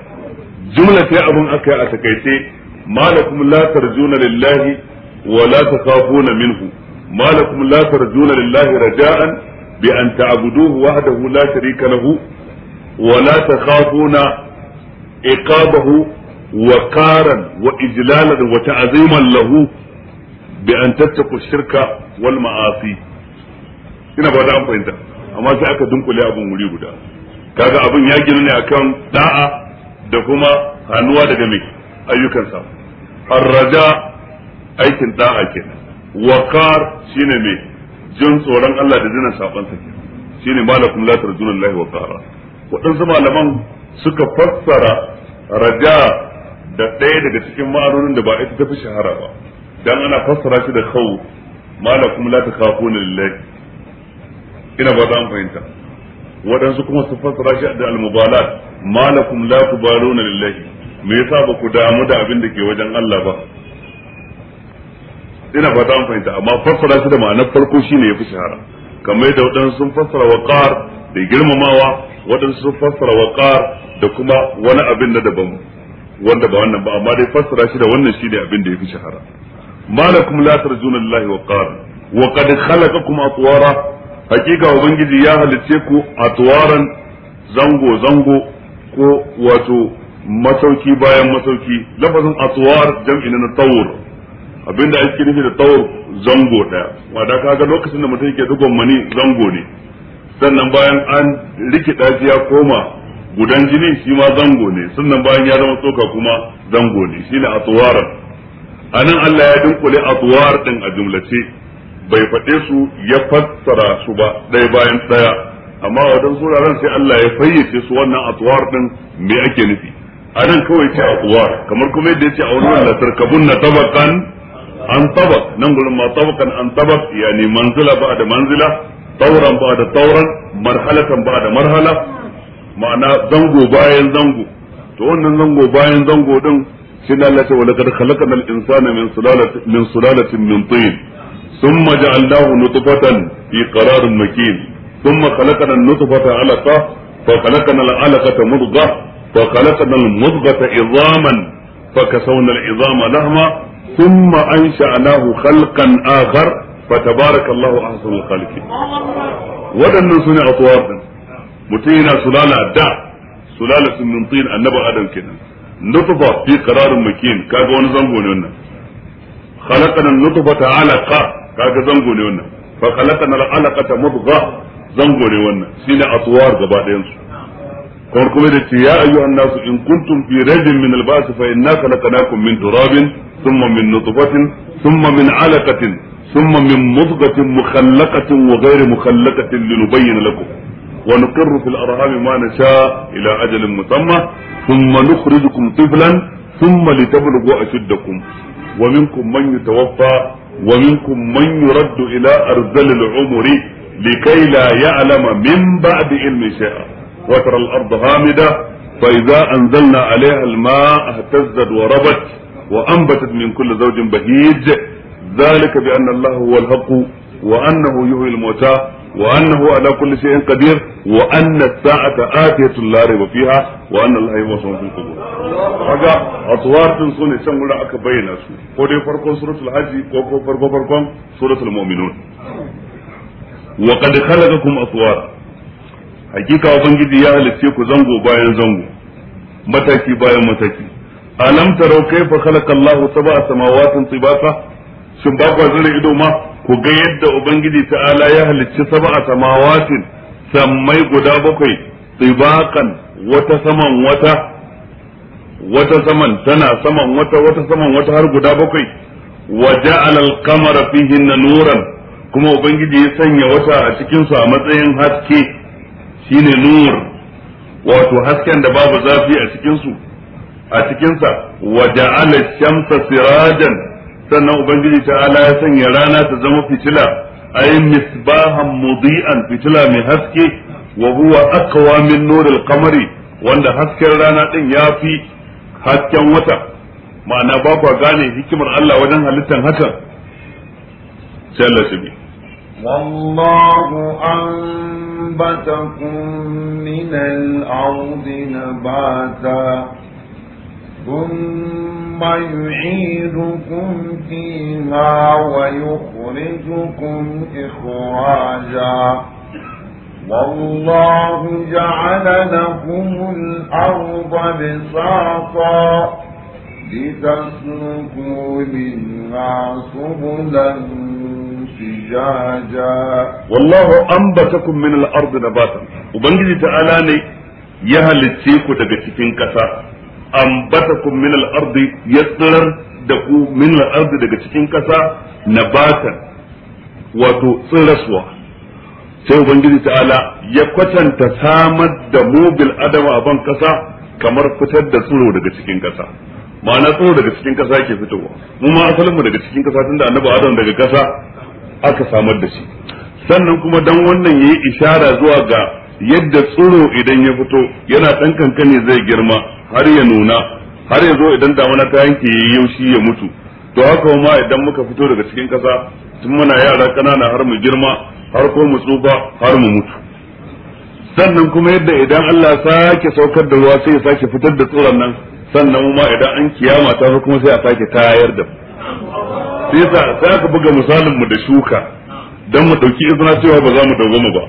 jumla sai abun aka a takaice malakum la tarjuna lillahi wa la takhafuna minhu malakum la tarjuna lillahi raja'an bi an ta'buduhu wahdahu la sharika lahu wa la takhafuna iqabahu wa qaran wa ijlalan wa ta'ziman lahu bi an tattaku shirka wal ma'asi ina ba da an fahimta amma sai aka dunkule abin wuri guda kaga abin ya gina ne akan da'a da kuma hannuwa daga mai ayyukansa arraja aikin da'a kenan waqar shine mai jin tsoron Allah da jinin saban sa kenan shine malakum la tarjuna lillahi wa qara waɗansu malaman suka fassara raja da ɗaya daga cikin ma'anonin da ba ita tafi shahara ba dan ana fassara shi da Malakun lati la takhafuna lillahi ina ba an fahimta waɗansu kuma su fassara shi da almubalat malakum la tubaluna lillahi me yasa ba ku damu da abin da ke wajen Allah ba ina ba an fahimta amma fassara shi da ma'anar farko shine yafi shahara kamar yadda waɗansu sun fassara waqar da girmamawa waɗansu sun fassara waqar da kuma wani abin na daban wanda ba wannan ba amma dai fassara shi da wannan shi ne abin da yafi shahara malakum la tarjuna lillahi waqar wa qad khalaqakum atwara hakika ubangiji ya halicce ku atwaran zango zango ko wato masauki bayan masauki lafazin atwar jam'in na tawur abinda ake nufi da tawur zango daya wanda kaga lokacin da mutum yake dugon mani zango ne sannan bayan an rikida shi ya koma gudan jini shi ma zango ne sannan bayan ya zama tsoka kuma zango ne shine a anan Allah ya dunkule atwar din a jumlace bai faɗe su ya fassara su ba ɗaya bayan ɗaya amma a wajen suraren sai Allah ya fayyace su wannan atwar din me ake nufi anan kawai ce atuwar kamar kuma yadda yace a wani wannan tarkabunna tabaqan an tabaq nan gurin ma tabaqan an tabaq yani manzila ba da manzila dauran ba da dauran marhalatan ba marhala ma'ana zango bayan zango to wannan zango bayan zango din shi da Allah ta wa laqad khalaqna al-insana min sulalatin min sulalatin min tin thumma ja'alnahu nutfatan fi qararin makin thumma khalaqna an-nutfata 'alaqa fa khalaqna al-'alaqata mudghah fa tabarakallahu ahsanul a wadannan sune atwar din mutum yana a da sulala min tin annabi adam kenan nutfa ba qararin makin kaga wani zango ne wannan khalaqana nutfata alaqa kaga zango ne wannan fa khalaqana alaqata mudgha zango ne wannan shine atwar gaba ɗayan su kamar kuma da ce ya ayyu annasu in kuntun fi rajin min turabin thumma min min ثم من مضغة مخلقة وغير مخلقة لنبين لكم ونقر في الأرهام ما نشاء إلى أجل مسمى ثم نخرجكم طفلا ثم لتبلغوا أشدكم ومنكم من يتوفى ومنكم من يرد إلى أرذل العمر لكي لا يعلم من بعد علم شيئا وترى الأرض هامدة فإذا أنزلنا عليها الماء اهتزت وربت وأنبتت من كل زوج بهيج zalika bi anna Allah huwa al-haqq wa annahu yuhyi al-mauta wa annahu ala kulli shay'in qadir wa anna as-sa'ata atiyatun la rayba fiha wa anna Allah yawsun fil qubur kaga atwar din sune can gurin aka bayyana su ko dai farkon suratul hajj ko ko farko farkon suratul mu'minun wa qad khalaqakum atwara hakika ubangiji ya halicce ku zango bayan zango mataki bayan mataki alam tarau kaifa khalaqa Allahu samawatin tibaqa shin ba ku zira ido ma ku ga yadda ubangiji ta'ala ya halicci sab'a samawatin sammai guda bakwai tsibakan wata saman wata wata saman tana saman wata wata saman wata har guda bakwai wa ja'ala al-qamara fihinna nuran kuma ubangiji ya sanya wata a cikin su a matsayin haske shine nur wato hasken da babu zafi a cikin su a cikinsa wa ja'ala shamsa sirajan sannan ubangiji ta'ala ya sanya rana ta zama fitila ay misbahan mudi'an fitila mai haske wa huwa aqwa min nuril qamari wanda hasken rana din yafi hasken wata ma'ana ba ku gane hikimar Allah wajen halittar hakan sai Allah shi والله أنبتكم من الأرض نباتا ثم يعيدكم فيها ويخرجكم إخراجا والله جعل لكم الأرض بساطا لتسلكوا منها سبلا فجاجا والله أنبتكم من الأرض نباتا وبنجد تعالى يهل السيكو تبتكين كسا ambatakum min al ard ya tsirar da ku min al ard daga cikin kasa nabatan wato tsiraswa sai ubangiji ta'ala ya kwatanta samar da mobil adama a ban kasa kamar fitar da tsiro daga cikin kasa ma'ana tsiro daga cikin kasa ke fitowa mu ma asalin mu daga cikin kasa tunda annabi adam daga kasa aka samar da shi sannan kuma dan wannan yayi ishara zuwa ga yadda tsiro idan ya fito yana dan kankane zai girma har ya nuna har ya zo idan damuna ta yanke ya yaushi ya mutu to haka ma idan muka fito daga cikin ƙasa tun muna yara ƙanana har mu girma har ko mu tsufa har mu mutu sannan kuma yadda idan Allah sake saukar da ruwa sai ya sake fitar da tsoron nan sannan ma idan an kiyama ta zo kuma sai a sake tayar da sai sa sai aka buga misalin mu da shuka dan mu dauki izina cewa ba za mu mu ba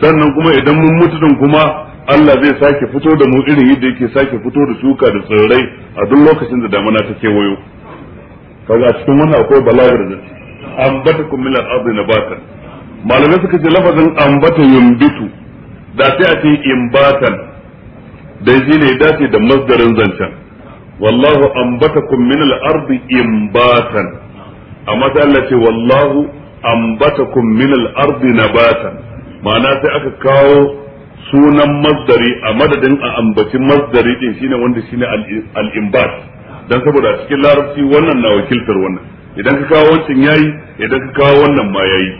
sannan kuma idan mun mutu din kuma Allah zai sake fito da mu irin yadda yake sake fito da shuka da tsirrai a duk lokacin da damuna ta kewayo kaga a cikin wannan akwai balagar da Ambata min al-ardi nabatan malamai suka ce lafazin ambata yumbitu da sai a ce imbatan dan shi ne dace da masdarin zancen wallahu ambata min al-ardi imbatan amma sai Allah ce wallahu ambata min al-ardi nabatan ma'ana sai aka kawo sunan masdari a madadin a ambaci masdari din shine wanda shine al-imbat dan saboda cikin larabci wannan na wakiltar wannan idan ka kawo wancan yayi idan ka kawo wannan ma yayi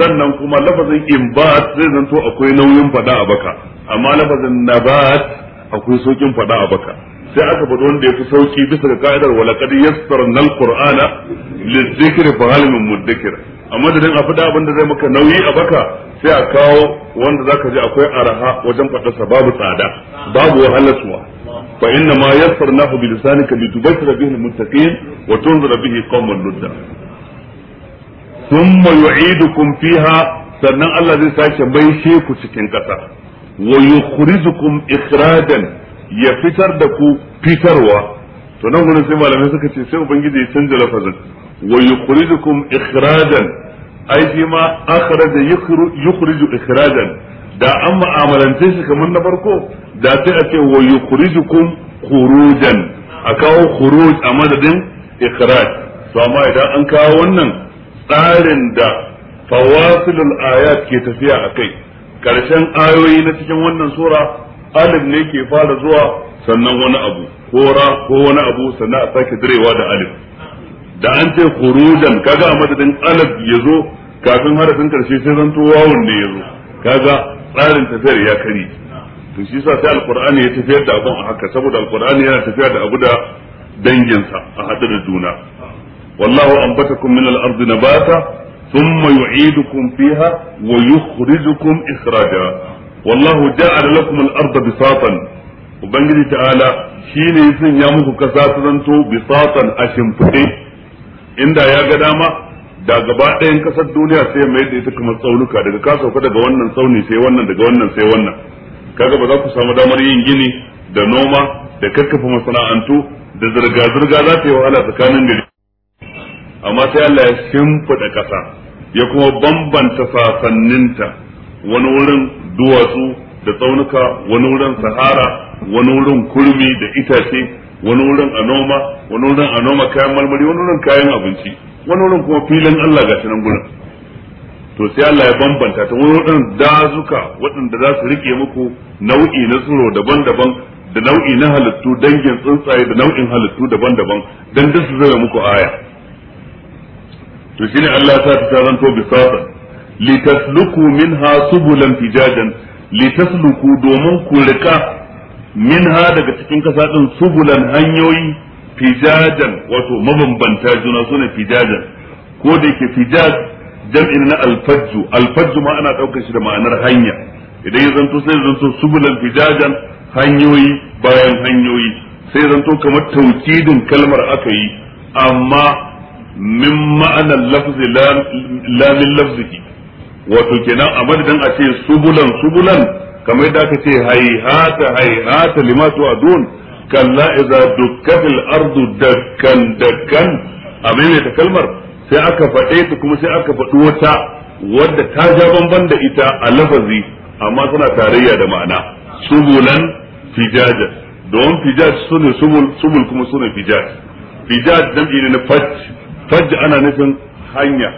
sannan kuma lafazin imbat zai zanto akwai nauyin fada a baka amma lafazin nabat akwai saukin fada a baka sai aka faɗi wanda ya fi sauki bisa ga ka'idar walaqad yassarna al-qur'ana lizzikri fa a madadin a faɗa abin da zai maka nauyi a baka sai a kawo wanda zaka ji akwai araha wajen faɗasa babu tsada babu wahalarsuwa fa inna ma yassarnahu bi lisanika litubashira bihi almuttaqin wa tunzira bihi qauman ludda thumma yu'idukum fiha sannan Allah zai sake baishe ku cikin ƙasa wa yukhrijukum ikhradan ya fitar da ku fitarwa to nan gurin sai malamai suka ce sai ubangiji ya canza lafazin wa yukhrijukum ikhrajan ai shi ma akhraja yukhriju ikhrajan da an ma'amalance shi kamar na farko da sai a ce wa yukhrijukum khurujan a kawo khuruj a madadin ikhraj to amma idan an kawo wannan tsarin da fawasilul ayat ke tafiya akai karshen ayoyi na cikin wannan sura alif ne ke fara zuwa sannan wani abu Kora ko wani abu sannan a sake direwa da alif da an ce khurujan kaga a madadin alif yazo kafin harafin karshe sai zanto wawun ne yazo kaga tsarin tafiyar ya kare to shi yasa sai alqur'ani ya tafiyar da abun a haka saboda alqur'ani yana tafiyar da abu da danginsa a hadu da juna wallahu anbatakum min al-ardi nabata thumma yu'idukum fiha wa yukhrijukum ikhraja wallahu ja'ala lakum al-arda bisatan ubangiji ta'ala shine ya sanya muku kasa ta zanto bisatan a shimfiɗe inda ya ga dama da gaba ɗayan kasar duniya sai mai da ita kamar tsaunuka daga ka sauka daga wannan tsauni sai wannan daga wannan sai wannan kaga ba za ku samu damar yin gini da noma da kakkafa masana'antu da zirga-zirga za ta yi wahala tsakanin gari amma sai Allah ya shimfiɗa ƙasa ya kuma bambanta sasanninta wani wurin duwatsu da tsaunuka wani wurin sahara wani wurin kurmi da itace wani wurin a noma wani wurin a noma kayan marmari wani wurin kayan abinci wani wurin kuma filin Allah ga nan gurin to sai Allah ya bambanta ta wani wurin dazuka waɗanda za su rike muku nau'i na tsiro daban-daban da nau'i na halittu dangin tsuntsaye da nau'in halittu daban-daban dan duk su zama muku aya to shine Allah ya sa ta zanto bisatan litasluku minha subulan fijajan litasluku domin ku rika minha daga cikin kasa din subulan hanyoyi fijajan wato mabambanta juna sune fijajan ko da yake fijaj jam'in na alfajju alfajju ma ana daukar shi da ma'anar hanya idan ya zanto sai zanto subulan fijajan hanyoyi bayan hanyoyi sai zanto kamar taukidin kalmar aka yi amma min ma'anar lafzi lamin min wato kenan a madadin a ce subulan subulan kamar yadda aka ce haihata haihata lima tu'adun kalla idza dukkatil ardu dakkan dakkan abin ne ta kalmar sai aka faɗe ta kuma sai aka faɗi wata wadda ta ja bamban da ita a lafazi amma suna tarayya da ma'ana subulan fijaja don fijaj sune subul subul kuma sune fijaj fijaj jam'i ne na fajj fajj ana nufin hanya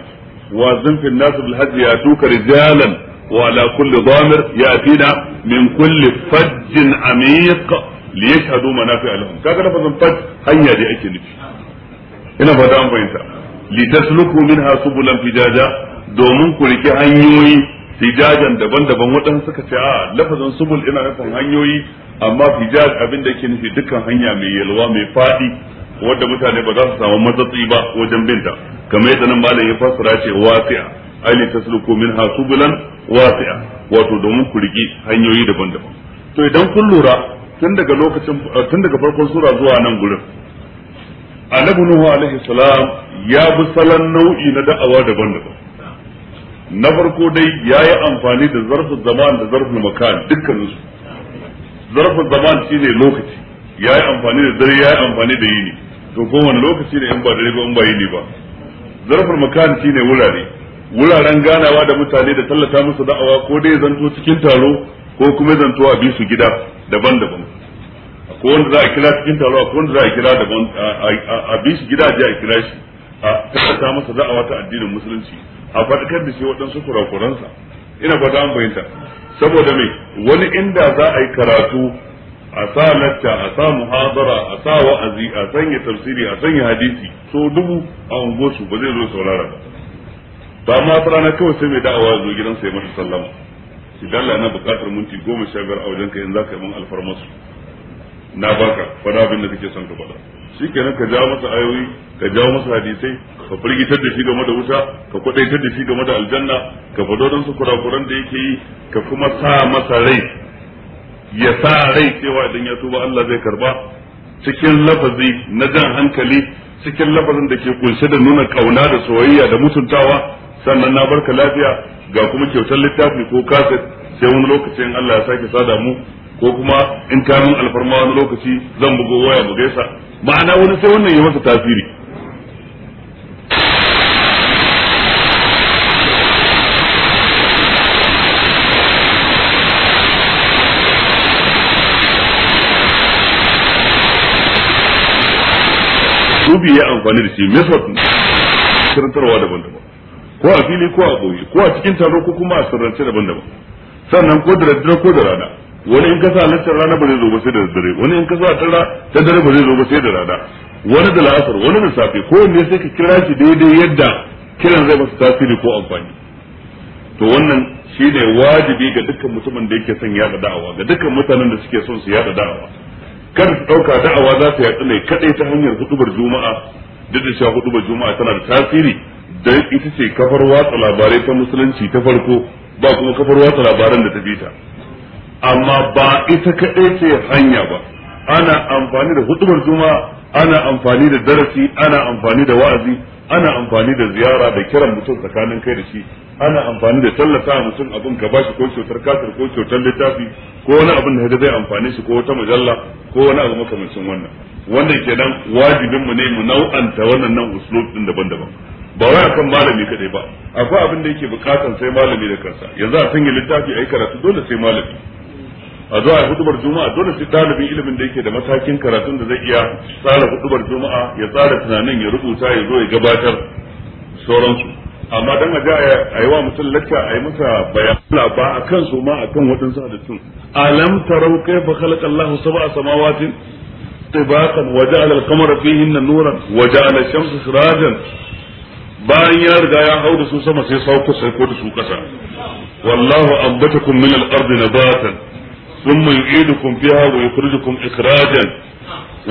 wa zunfin nasu bil hajji ya tuka rijalan وعلى كل ضامر يأتينا من كل فج عميق ليشهدوا منافع لهم كذا لفظ فج هيا دي أكي نفي هنا فدا أم فإنسا لتسلكوا منها سبلا فجاجا دومون كلك هنيوي fijajan daban-daban waɗansu suka ce a subul ina nufin hanyoyi amma fijaj abin da ke nufi dukkan hanya mai yalwa mai faɗi wadda mutane ba za su samu matsatsi ba wajen binta kamar yadda nan ya fassara ce wasi'a ai li tasluku minha subulan wasi'a wato domin ku riƙi hanyoyi daban-daban to idan kun lura tun daga lokacin eh, tun daga farkon sura zuwa nan gurin annabi nuhu alaihi salam ya bi salon nau'i na da'awa daban-daban na farko dai ya yi amfani da zarfin zaman da zarfin makan dukkaninsu zarfin zaman shine lokaci ya yi amfani da dare ya yi amfani da yini to kowane lokaci ne in ba dare ba in ba yini ba zarfin makan shine wurare wuraren ganawa da mutane da tallata musu da'awa ko dai zanto cikin taro ko kuma zanto a bi su gida daban-daban ko wanda za a kira cikin taro ko wanda za a kira daban a bisu shi gida je a kira shi a tallata masa da'awa ta addinin musulunci a faɗakar da shi waɗansu kurakuransa ina fata an fahimta saboda me wani inda za a yi karatu a sa lacca a sa muhabara a sa wa'azi a sanya tafsiri a sanya hadisi so dubu a unguwarsu ba zai zo saurara ba ba ma ta rana kawai sai mai da'awa zo gidan sai masa sallama shi dalla na bukatar minti goma sha biyar a wajen ka yanzu zaka yi mun alfarma su na baka fada abin da kake son ka faɗa shi kenan ka jawo masa ayoyi ka jawo masa hadisai ka firgitar da shi game da wuta ka kwaɗaitar da shi game da aljanna ka faɗo don su kurakuran da yake yi ka kuma sa masa rai ya sa rai cewa idan ya tuba Allah zai karba cikin lafazi na jan hankali cikin lafazin da ke kunshe da nuna kauna da soyayya da mutuntawa sannan na barka lafiya ga kuma kyautar littafi ko kaset sai wani lokaci in Allah ya sake sada mu ko kuma in ka min alfarma wani lokaci zan bugo waya mu gaisa ma'ana wani sai wannan ya masa tasiri Ubi ya amfani da shi method karantarwa daban-daban ko a fili ko a boye ko a cikin taro ko kuma a sirrance daban-daban sannan ko da daddare ko da rana wani in kasa lantar rana ba zai zo ba sai da daddare wani in kasa sa tara ta dare ba zai zo ba sai da rana wani da la'asar wani da safe ko wanne sai ka kira shi daidai yadda kiran zai masa tasiri ko amfani to wannan shi ne wajibi ga dukkan mutumin da yake son yaɗa da'awa ga dukkan mutanen da suke son su yaɗa da'awa kada su ɗauka da'awa za ta yaɗu ne kaɗai ta hanyar hudubar juma'a duk da cewa hudubar juma'a tana da tasiri da ita ce kafar watsa labarai ta musulunci ta farko ba kuma kafar watsa labaran da ta bi ta amma ba ita kaɗai ce hanya ba ana amfani da hudubar zuma ana amfani da darasi ana amfani da wa'azi ana amfani da ziyara da kiran mutum tsakanin kai da shi ana amfani da tallata a mutum abin ka bashi ko kyautar kasar ko kyautar littafi ko wani abin da zai amfani shi ko wata mujalla ko wani abu makamancin wannan wannan kenan wajibin mu ne mu nau'anta wannan nan uslub din daban-daban ba wai akan malami kadai ba akwai abin da yake bukatan sai malami da kansa yanzu a sanya littafi ai karatu dole sai malami a zo a hudubar juma'a dole sai dalibin ilimin da yake da matakin karatun da zai iya tsara hudubar juma'a ya tsara tunanin ya rubuta ya zo ya gabatar sauransu amma dan aje a yi wa mutum lacca a yi masa bayan ba a kan su ma a kan waɗansu halittun alam tarau fa khalaqa Allahu sab'a samawati tibaqan wa ja'ala al-qamara fihinna nuran wa ja'ala ash-shamsa sirajan bayan ya riga ya hau da su sama sai sauko sai ko da su kasa wallahu ambatakum min al-ardi nabatan thumma yu'idukum fiha wa yukhrijukum ikhrajan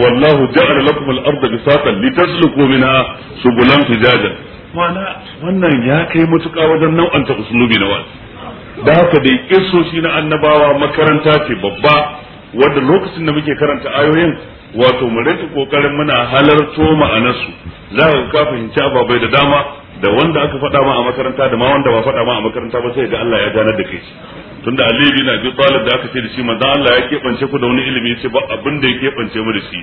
wallahu ja'ala lakum al-arda bisatan litasluku minha subulan fijajan wala wannan ya kai mutuka wajen nau'anta uslubi na wa'azi da haka dai kissoshi na annabawa makaranta ce babba wanda lokacin da muke karanta ayoyin wato mu rinka kokarin muna halarto ma'anarsu za ka ka fahimci ababai da dama da wanda aka faɗa ma a makaranta da ma wanda ba faɗa ma a makaranta ba sai ga Allah ya ganar da kai tunda Ali bin Abi Talib da aka ce da shi manzo Allah ya kebance ku da wani ilimi ce ba abin da ya kebance mu da shi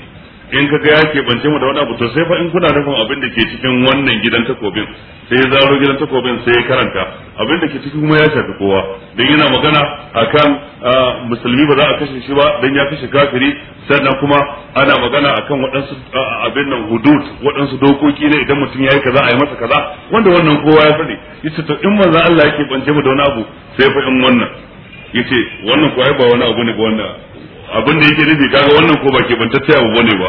in ka ga ya keɓance mu da wani abu to sai fa in kuna nufin abin da ke cikin wannan gidan takobin sai ya zaro gidan takobin sai ya karanta abin da ke cikin kuma ya shafi kowa Don yana magana akan musulmi ba za a kashe shi ba don ya kashe kafiri sannan kuma ana magana akan waɗansu abin nan hudud waɗansu dokoki ne idan mutum ya yi kaza a yi masa kaza wanda wannan kowa ya sani yace to in manzo Allah ya keɓance mu da wani abu sai fa in wannan yace wannan kuwa ba wani abu ne ga wanda abin da yake nufi kaga wannan ko ba ke bantacce ba ne ba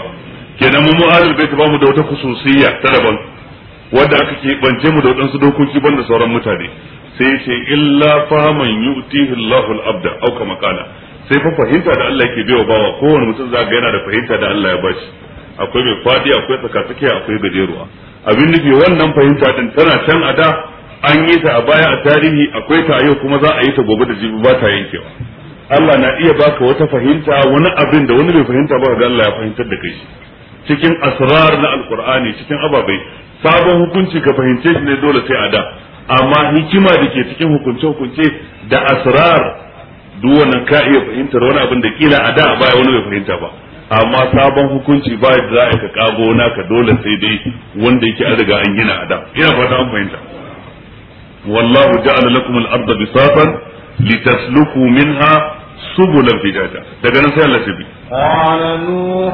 kenan mu mu'adul bai ba mu da wata khususiyya ta daban wanda aka ke bance mu da wadansu dokoki banda sauran mutane sai ce illa faman yu'tihi Allahu al-abda aw kama kana sai fa fahimta da Allah yake biyo bawa kowanne mutum zaka yana da fahimta da Allah ya bashi akwai mai fadi akwai tsakatsakiya akwai gajeruwa abin da ke wannan fahimta din tana can a da an yi ta a baya a tarihi akwai ta yau kuma za a yi ta gobe da jibi ba ta yankewa Allah na iya baka wata fahimta wani abin da wani bai fahimta ba ga Allah ya fahimtar da kai cikin asrar na alqur'ani cikin ababai sabon hukunci ka fahimce shi ne dole sai a da amma hikima da ke cikin hukunce hukunce da asrar duk wannan ka iya fahimtar wani abin da kila a da baya wani bai fahimta ba amma sabon hukunci ba da za ka kago naka dole sai dai wanda yake an riga an gina a da ina fata an fahimta wallahu ja'ala lakum al-ardha bisatan litasluku minha سبل الفجاجة لقد نسي الله سبي قال نوح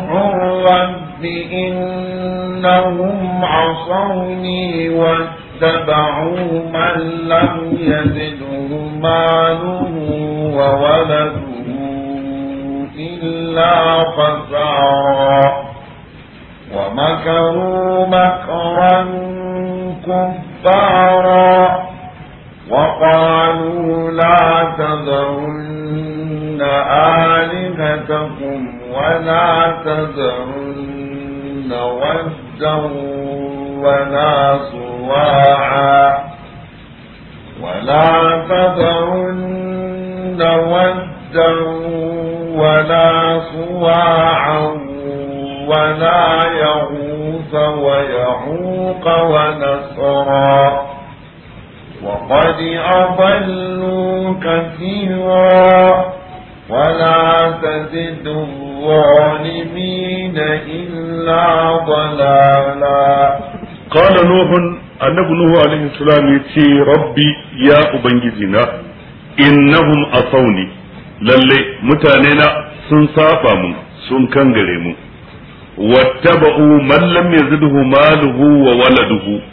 رب إنهم عصوني واتبعوا من لم يزده ماله وولده إلا خسارا ومكروا مكرا كفارا وقالوا لا تذرن آلهتكم ولا تذرن ودا ولا سواعا ولا تذرن ودا ولا سواعا ولا يغوث ويعوق ونصرا وقد أضلوا كثيرا ولا تزد الظالمين إلا ضلالا قال نوح annabi nuhu alaihi salam ya ce rabbi ya ubangijina innahum asawni lalle mutane na sun saba mu sun kangare mu wattaba'u man lam duhu maluhu wa waladuhu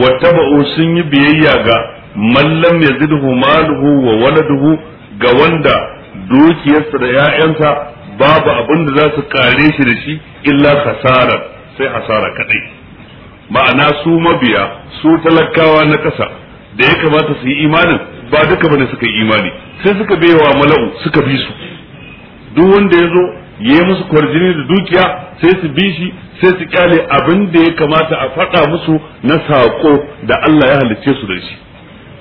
wattaba'u sun yi biyayya ga mallam yazidhu maluhu wa waladuhu ga wanda dukiyarsa da 'ya'yansa babu abin da za su kare shi da shi illa hasara sai hasara kaɗai ma'ana su mabiya su talakawa na ƙasa da ya kamata su yi imanin ba duka bane suka yi imani sai suka baiwa mala'u suka bi su duk wanda ya zo ya yi musu kwarjini da dukiya sai su bi shi sai su kyale abin da ya kamata a faɗa musu na saƙo da Allah ya halicce su da shi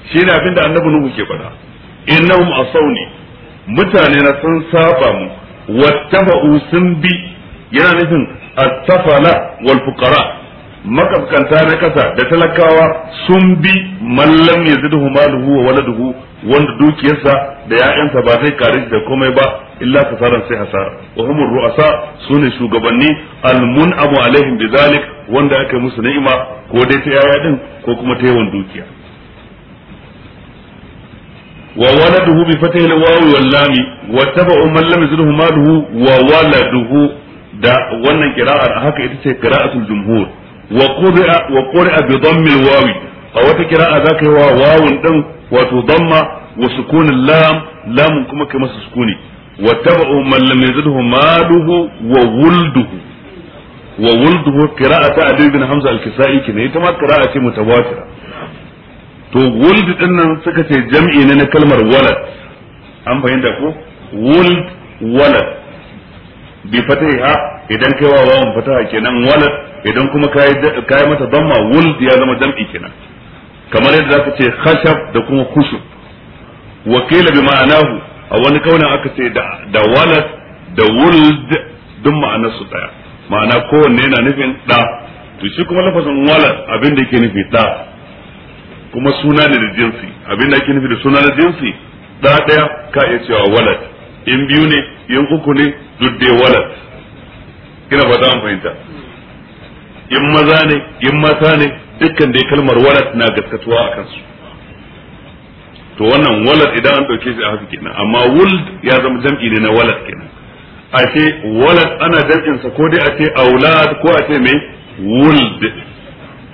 shi ne abin da annabi Nuhu ke faɗa innahum asawni mutane na sun saba mu wattaba'u sun bi yana nufin attafala wal fuqara makafkanta na kasa da talakawa sun bi mallam yazidu maluhu wa waladuhu wanda dukiyarsa da 'ya'yansa ba zai kare da komai ba illa kasaran sai hasara wa humur ru'asa sune shugabanni almun'amu alaihim bidhalik wanda aka musu ni'ima ko dai ta yaya din ko kuma ta yawan dukiya wa waladuhu bi fatih alwawi wal lami wa tabu man lam yazruhu maluhu wa waladuhu da wannan qira'ar haka ita ce qira'atul jumhur wa qira wa qira bi dhammi alwawi a wata za zaka yi wa wawun ɗin wato damma wa sukunul lam lamun kuma kai masa sukuni wa tabu man lam yazidhu maluhu wa wulduhu wa wulduhu qira'ata Ali ibn Hamza al-Kisai kine ita ma ce to wuld din nan suka ce jam'i ne na kalmar walad an fahimta ko wuld walad bi fataha idan kai wawan fataha kenan walad idan kuma kai kai mata damma wuld ya zama jam'i kenan kamar yadda zaka ce khashab da kuma khushub wa qila bi ma'anahu a wani kauna aka ce da walad da wulud duk ma'anar su daya ma'ana kowanne yana nufin da to shi kuma lafazin walad abin da yake nufi da kuma suna ne da jinsi abin da yake nufi da suna da jinsi da daya ka iya cewa walad in biyu ne in uku ne duk dai walad ina ba an fahimta in maza ne in mata ne dukkan dai kalmar walad na gaskatuwa a kansu to wannan walad idan an dauke shi a haka kenan amma wuld ya zama jam'i ne na walad kenan a ce walad ana jam'in sa ko dai a ce aulad ko a ce mai wuld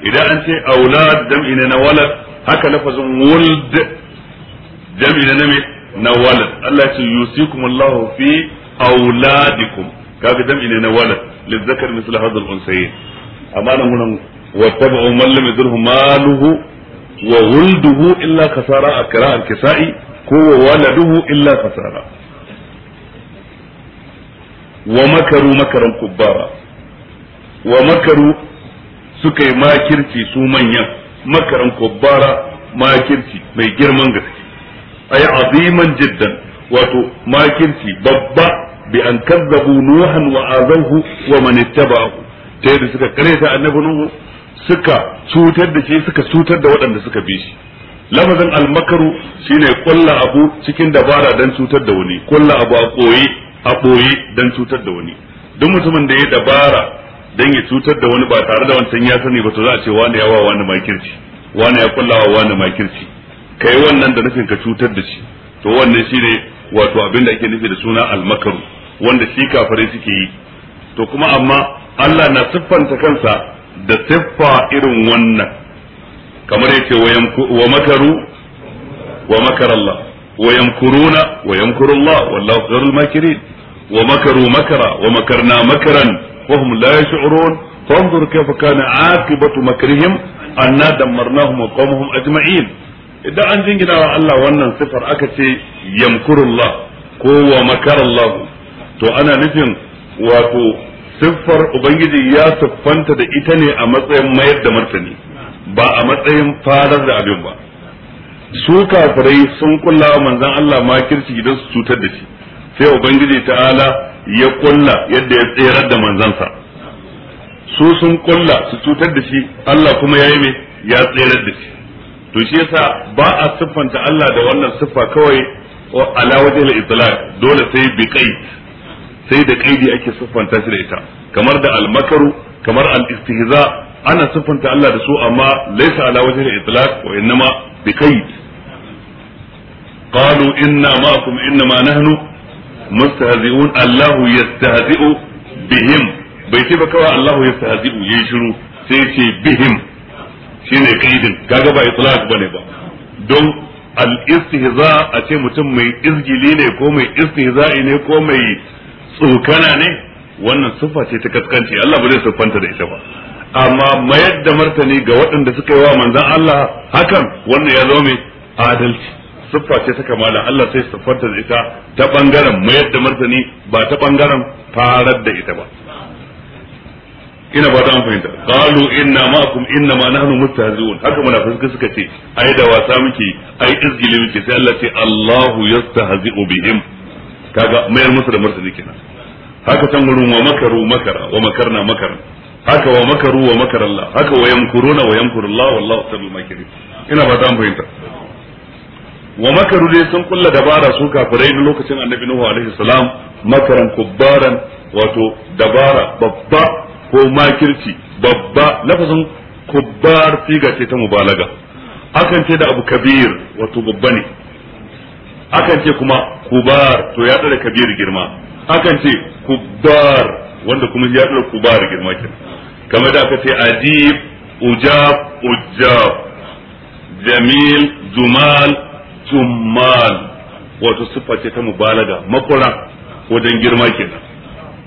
idan an ce aulad jam'i ne na walad haka lafazin wuld jam'i ne na mai na walad Allah ya ce yusikumullahu fi auladikum kaga jam'i ne na walad lizzakar mislu hadha al amma nan mun wattabu man lam yadurhu maluhu wa wulduhu illa kasara a kira'an kisa'i ko wa waladuhu illa kasara wa makaru makaran kubbara wa makaru suka yi makirci su manyan makaran kubbara makirci mai girman gaske ay aziman jiddan wato makirci babba bi an kazzabu nuhan wa azahu wa man ittaba'ahu ta yadda suka kareta annabi nuhu suka cutar da shi suka cutar da waɗanda suka bi shi lafazin almakaru shine kulla abu cikin dabara dan cutar da wani kulla abu a koyi a koyi dan cutar da wani duk mutumin da ya dabara dan ya cutar da wani ba tare da wancan ya sani ba to za a ce wani ya wa wani makirci wani ya kulla wani makirci kai wannan da nufin ka cutar da shi to wannan shine wato abin da ake nufi da suna almakaru wanda shi kafare suke yi to kuma amma Allah na siffanta kansa da siffa irin wannan kamar yace wa makaru wa makar Allah wa yamkuruna wa Allah wallahu khairul makirin wa makaru makara wa makarna makaran wa hum la yash'urun فانظر كيف ko wa Allah to ana nufin wato siffar ubangiji ya siffanta da ita ne a matsayin mayar da martani ba a matsayin farar da abin ba su kafirai sun kulla wa manzan Allah ma makirci gidan su cutar da shi sai ubangiji ta'ala ya kulla yadda ya tserar da manzansa su sun kulla su cutar da shi Allah kuma ya yi me ya tserar da shi to shi yasa ba a siffanta Allah da wannan siffa kawai ala wajhil itlaq dole sai bi kai sai da kaidi ake siffanta shi da ita kamar da almakaru kamar al-istihza ana siffanta Allah da su amma laysa ala wajhi al-itlaq wa innama bi kaid qalu inna ma'akum innama nahnu mustahzi'un Allahu yastahzi'u bihim bai ce ba kawai Allahu yastahzi'u yayi shiru sai ce bihim shine kaidin kaga ba itlaq bane ba don al-istihza a ce mutum mai izgili ne ko mai istihza'i ne ko mai tsokana ne wannan siffa ce ta kaskanci Allah ba zai siffanta da ita ba amma mayar da martani ga waɗanda suka yi wa manzan Allah hakan wannan ya zo mai adalci siffa ce ta kamala Allah sai siffanta da ita ta ɓangaren. mayar da martani ba ta ɓangaren farar da ita ba ina ba ta an fahimta qalu inna ma'akum inna ma nahnu mustahzi'un haka munafiki suka ce ai da wasa muke ai izgili muke sai Allah ce Allahu yastahzi'u bihim kaga mayar musu da martani kenan haka can wurin wa makaru makara wa makarna makara haka wa makaru wa makar haka wa yamkuruna wa yamkurullah wallahu sabul makiri ina ba ta fahimta wa makaru dai sun kulla dabara su kafirai na lokacin annabi nuhu alaihi salam makaran kubbaran wato dabara babba ko makirci babba lafazin kubbar siga ce ta mubalaga akan ce da abu kabir wato babba ne akan ce kuma kubar to ya tsara kabir girma akan ce kubar wanda kuma ya tsara kubar girma ke kamar da aka ce ajib ujab ujab jamil jumal jummal wato siffa ce ta mubalaga makura wajen girma kenan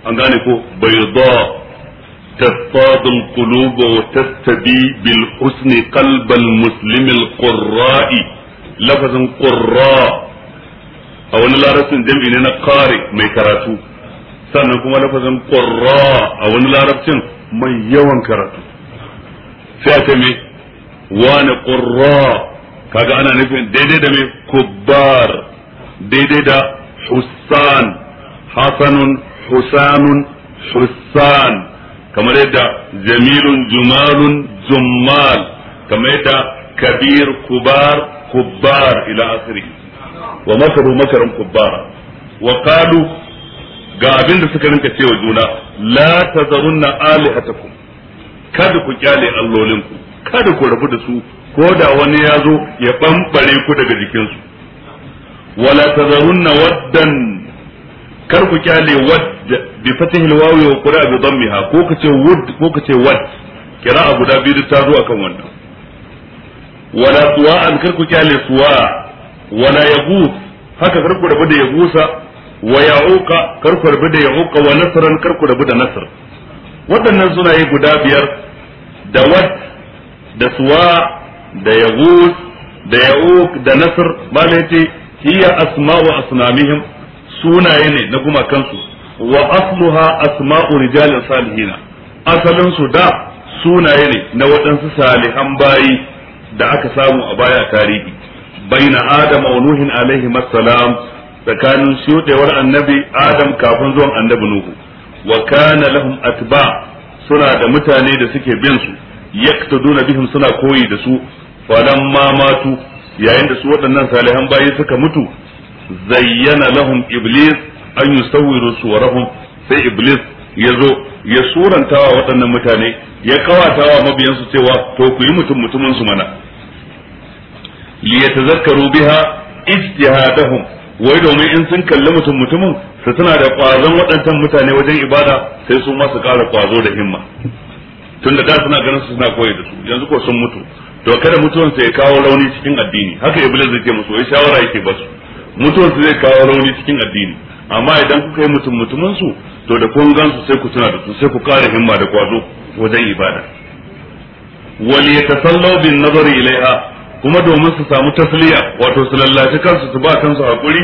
an gane ko bayda تفاض القلوب bil husni قلب muslimil القراء lafazin قراء a wani larabcin jam'i ne na kare mai karatu sannan kuma lafazin ƙwarra a wani larabcin mai yawan karatu sai aka me wani ka kaga ana nufin daidai da me kubbar daidai da hussan hasanun hussanun hussan kamar yadda jamilun jumalun jummal kamar yadda kabir kubar kubbar ila asiri wa makaru makaran kubbara wa qalu ga abin da suka rinka cewa juna la tazarunna alihatakum kada ku kyale allolinku kada ku rabu da su ko da wani ya zo ya bambare ku daga jikinsu wala tazarunna waddan kar ku kyale wadd bi fatihil wawi wa qura bi dammiha ko kace wud ko kace wad kira abu da biyu ta zo akan wannan wala suwa'an kar ku kyale suwa ولا yaghus haka كركو ku rabu da yaghusa wa ya'uqa kar ku da ya'uqa wa nasran kar ku rabu da nasr waɗannan sunaye guda biyar da wad da suwa da yaghus da ya'uq da nasr malati iya asma'u asnamihim sunaye ne na wa asluha asma'u salihina asalin su da sunaye ne na waɗansu salihan bayi da aka samu a baya tarihi baina adam wa nuhin alaihi masalam tsakanin shudewar annabi adam kafin zuwan annabi nuhu Wakana kana lahum atba suna da mutane da suke bin su yaktaduna bihim suna koyi da su falamma matu yayin da su waɗannan salihan baya suka mutu zayyana lahum iblis an yusawwiru suwarahum sai iblis ya zo ya surantawa waɗannan mutane ya kawatawa mabiyansu cewa to ku yi mutum mutumin mana liyatazakkaru biha ijtihadahum wai domin in sun kalli mutum mutumin su tana da kwazon waɗancan mutane wajen ibada sai su ma su ƙara kwazo da himma tunda da suna ganin su suna koyi da su yanzu ko sun mutu to kada mutuwan ya kawo rauni cikin addini haka iblis zai ce musu wai shawara yake ba su mutuwan su zai kawo rauni cikin addini amma idan kuka yi mutum mutumin su to da kun gansu sai ku tuna da su sai ku ƙara himma da kwazo wajen ibada wal yatasallaw bin nazari ilaiha kuma domin su samu tasliya wato su lallaci kansu su ba kansu hakuri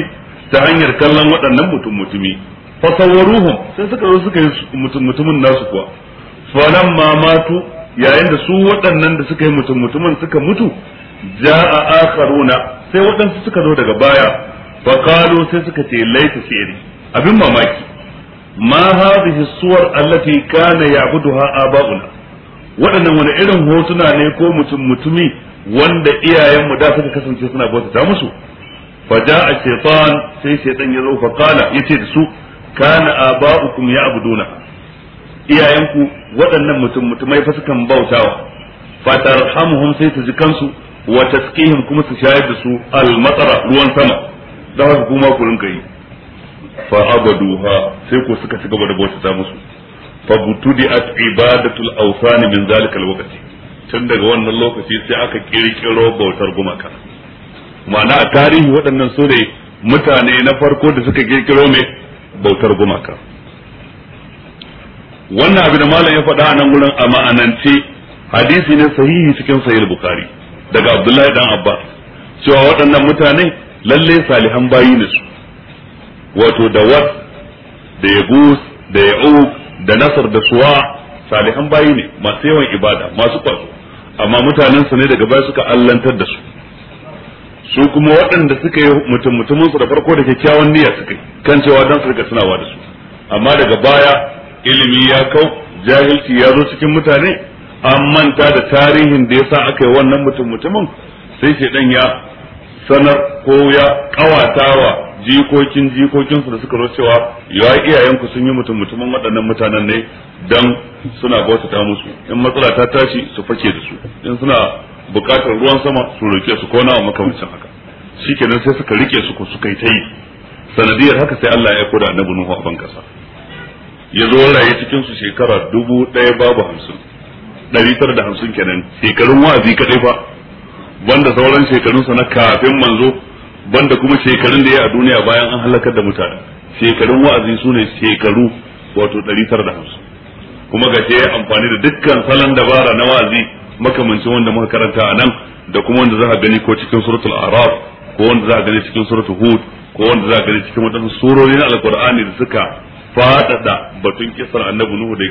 ta hanyar kallon waɗannan mutum mutumi fa sai suka zo suka yi mutum mutumin nasu kuwa ma matu yayin da su waɗannan da suka yi mutum mutumin suka mutu ja'a akharuna sai waɗansu suka zo daga baya fa qalu sai suka ce laita abin mamaki ma hadhihi suwar allati kana ya'buduha aba'una waɗannan wani irin hotuna ne ko mutum mutumi wanda iyayenmu da suka kasance suna bautata musu jaa shaytan sai shaytan ya zo fa qala yace da su kana aba'ukum ya'buduna iyayenku waɗannan mutum mutumai fa sukan bautawa fa tarhamuhum sai su ji kansu wa taskihim kuma su shayar da su al-matara ruwan sama da haka kuma ku rinka yi fa abaduha sai ko suka ci gaba da bautata musu fa at ibadatul awsan min zalikal waqti tun daga wannan lokaci sai aka kirkiro bautar gumaka ma'ana a tarihi waɗannan su ne mutane na farko da suka kirkiro mai bautar gumaka wannan abin da malam ya faɗa a nan gurin a ma'anance hadisi ne sahihi cikin sahih bukari daga abdullahi dan abbas cewa waɗannan mutane lalle salihan bayi ne su wato da wat da yagus da ya'uq da nasar da suwa salihan bayi ne masu yawan ibada masu kwazo amma mutanen ne daga baya suka allantar da su su kuma waɗanda suka yi mutum mutumin su da farko da kyakkyawan niyya suka yi kan cewa dan su suna wa da su amma daga baya ilimi ya kau jahilci ya zo cikin mutane an manta da tarihin da yasa aka yi wannan mutum mutumin sai dan ya sanar ko ya kawatawa jikokin jikokinsu da suka zo cewa ya iyayenku sun yi mutum mutumin waɗannan mutanen ne dan suna bautata musu in matsala ta tashi su fake da su in suna bukatar ruwan sama su roke su ko nawa makamancin haka shikenan sai suka rike su ko su kai ta yi sanadiyar haka sai Allah ya aiko da annabi Nuhu a ban kasa ya zo raye cikin su shekara dubu ɗaya babu hamsin ɗari tara da hamsin kenan shekarun wa'azi kaɗai fa banda sauran shekarunsa na kafin manzo banda kuma shekarun da ya a duniya bayan an halakar da mutane shekarun wa'azi su ne shekaru wato 950 kuma ga ya amfani da dukkan salon dabara na wa'azi makamancin wanda muka karanta a nan da kuma wanda za a gani ko cikin suratul araf ko wanda za a gani cikin suratul hud ko wanda za a gani cikin wadansu surori na alkur'ani da suka faɗaɗa batun kisar annabi nuhu da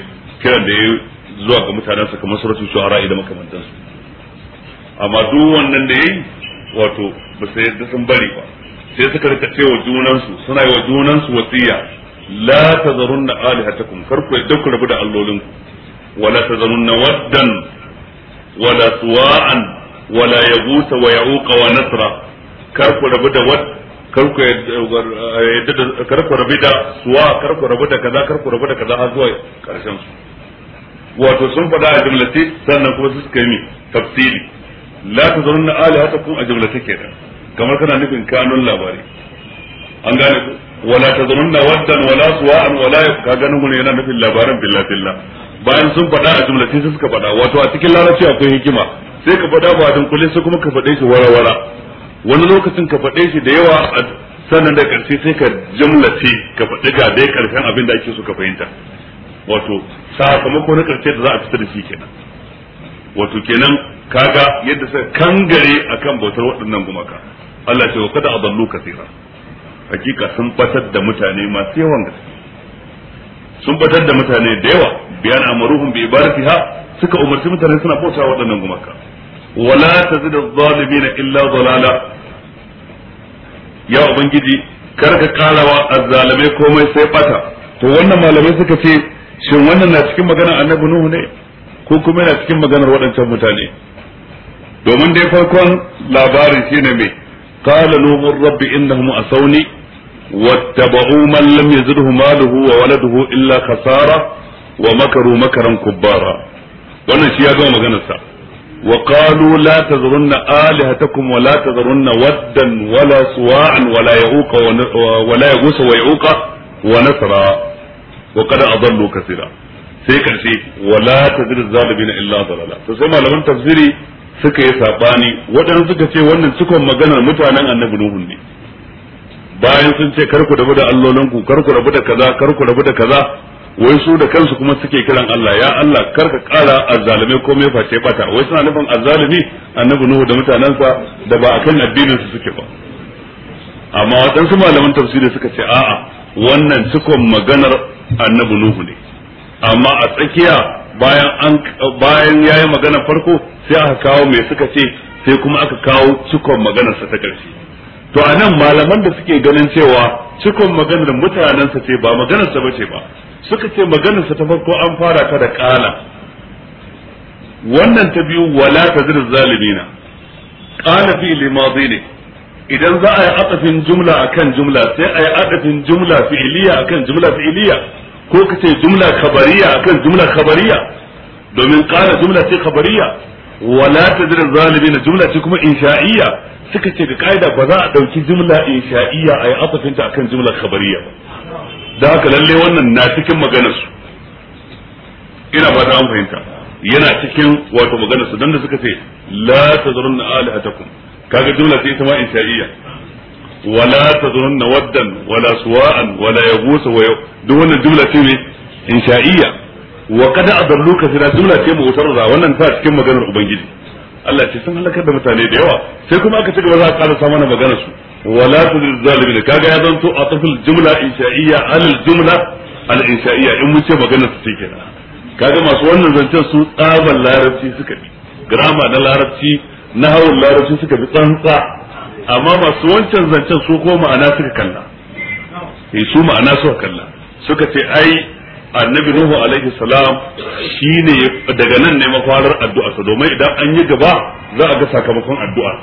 kiran da ya zuwa ga mutanensa kamar suratul shu'ara da makamantansu amma duk wannan da yayi wato ba sai yadda sun bari ba sai suka rika cewa junansu suna yi wa junansu wasiya la tazarunna alihatakum kar ku yadda ku rabu da allolinku wala tazarunna waddan wala suwa'an wala yagusa wa ya'uqa wa nasra kar ku rabu da wad kar ku yadda kar ku rabu da suwa kar ku rabu da kaza kar ku rabu da kaza har zuwa karshen su wato sun faɗa a jumlace sannan kuma suka yi tafsiri la tazurunna alihatakum a take da. kamar kana nufin kanun labari an gane ku wala na waddan wala suwa'an wala ka ganin mun yana nufin labarin billa-billa. bayan sun faɗa a jimla sai suka faɗa wato a cikin lalace akwai hikima sai ka faɗa ba kullum sai kuma ka faɗe shi wara-wara wani lokacin ka faɗe shi da yawa sannan da karshe sai ka ce ka faɗi ga dai ƙarshen abin da ake so ka fahimta wato sakamako na karshe da za a fitar da shi kenan wato kenan kaga yadda suka kangare akan bautar waɗannan gumaka Allah ce wa kada adallu kaseera hakika sun batar da mutane masu yawan gaske sun batar da mutane da yawa biyan amaruhum bi ibadatiha suka umarci mutane suna bauta waɗannan gumaka wala tazidu adh illa dalala ya ubangiji kar ka karawa azzalimai komai sai bata to wannan malamai suka ce shin wannan na cikin maganar annabi nuhu ne ko kuma yana cikin maganar waɗancan mutane domin dai farkon labarin shine mai Kala nuhu rabbi mu a innahum Wata wattaba'u mallam ya yazidhu maluhu wa waladuhu illa khasara wa makaru makaran kubbara wannan shi ya gama maganar sa wa qalu la tazurunna alihatakum wa la tazurunna waddan wala suwa'an wala ya'uqa wala yaghus wa ya'uqa wa nasra wa qad adallu kaseera sai karshe wala tazir zalimin illa dalala to sai malaman tafsiri suka yi sabani wadanda suka ce wannan cikon maganar mutanen annabi nuhu ne bayan sun ce kar ku rabu da allolin kar ku rabu da kaza kar ku rabu da kaza wai su da kansu kuma suke kiran Allah ya Allah kar ka kara azzalume ko mai face bata wai suna nufin azzalumi annabi nuhu da mutanansa da ba akan addinin su suke ba amma waɗansu malaman tafsiri suka ce a'a wannan cikon maganar annabi nuhu ne amma a tsakiya bayan an bayan yayi magana farko sai aka kawo mai suka ce sai kuma aka kawo cikon maganarsa sa ta ƙarshe to anan malaman da suke ganin cewa cikon maganar mutanensa ce ba maganarsa sa bace ba suka ce maganarsa ta farko an fara ta da ƙala. wannan ta biyu wala ta tazir zalimina qala fi limadi ne idan za a yi atafin jumla akan jumla sai a yi atafin jumla fi'iliya akan jumla fi'iliya ko ka ce jumla khabariya akan jumla khabariya domin qala jumla ce khabariya wala tadri zalimina jumla ce kuma insha'iyya suka ce ga kaida ba za a dauki jumla insha'iyya a yi asafinta akan jumla khabariya ba da haka lalle wannan na cikin maganar su ina ba an fahimta yana cikin wato maganar su dan da suka ce la tazrunna alihatakum kaga jumla ce ita ma insha'iyya wala tazunna waddan wala suwa'an wala yaghus wa duk wannan jumla ce ne insha'iyya wa qad adallu kathira jumla ce mu'tarra wannan ta cikin maganar ubangiji Allah ce sun halakar da mutane da yawa sai kuma aka ci gaba za a karasa mana maganar su wala tuzil zalimin kaga ya zanto a tafil jumla insha'iyya alal jumla al insha'iyya in mun ce maganar su take kenan kaga masu wannan zancen su tsaban larabci suka bi grama na larabci na hawan larabci suka fi tsantsa amma masu wancan zancen su ko ma'ana suka kalla eh su ma'ana suka kalla suka ce ai annabi nuhu alaihi salam shine daga nan ne mafarar addu'a sa domin idan an yi gaba za a ga sakamakon addu'a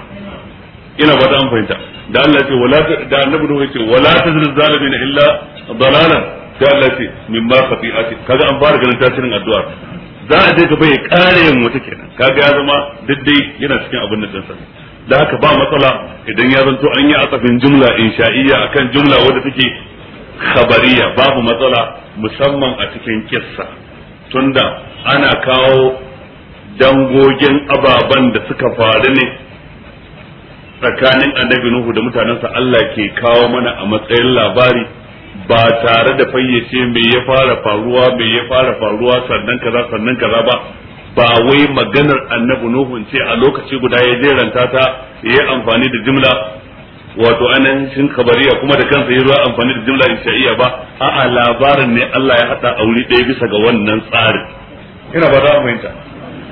ina ba da an fahimta da Allah ce wala da annabi nuhu ce wala tazil zalimin illa dalalan da Allah ce min ma khati'ati kaga an fara ganin tasirin addu'a za a je gaba ya kare yin wata kenan kaga ya zama daddai yana cikin abin da dan da haka ba matsala idan ya zanto an yi asafin jumla insha'iyya akan jumla wadda take khabariya babu matsala musamman a cikin kissa tunda ana kawo dangogin ababen da suka faru ne tsakanin annabi Nuhu da mutanensa Allah ke kawo mana a matsayin labari ba tare da fayyace me ya fara faruwa me ya fara faruwa sannan kaza sannan kaza ba ba wai maganar annabi nuhun ce a lokaci guda ya jeranta ta ya amfani da jimla wato ainihin kabariya kuma da kansa ya amfani da jumla sha'iya ba a'a labarin ne Allah ya hada a wuri ɗaya bisa ga wannan tsarin ina ba za mu fahimta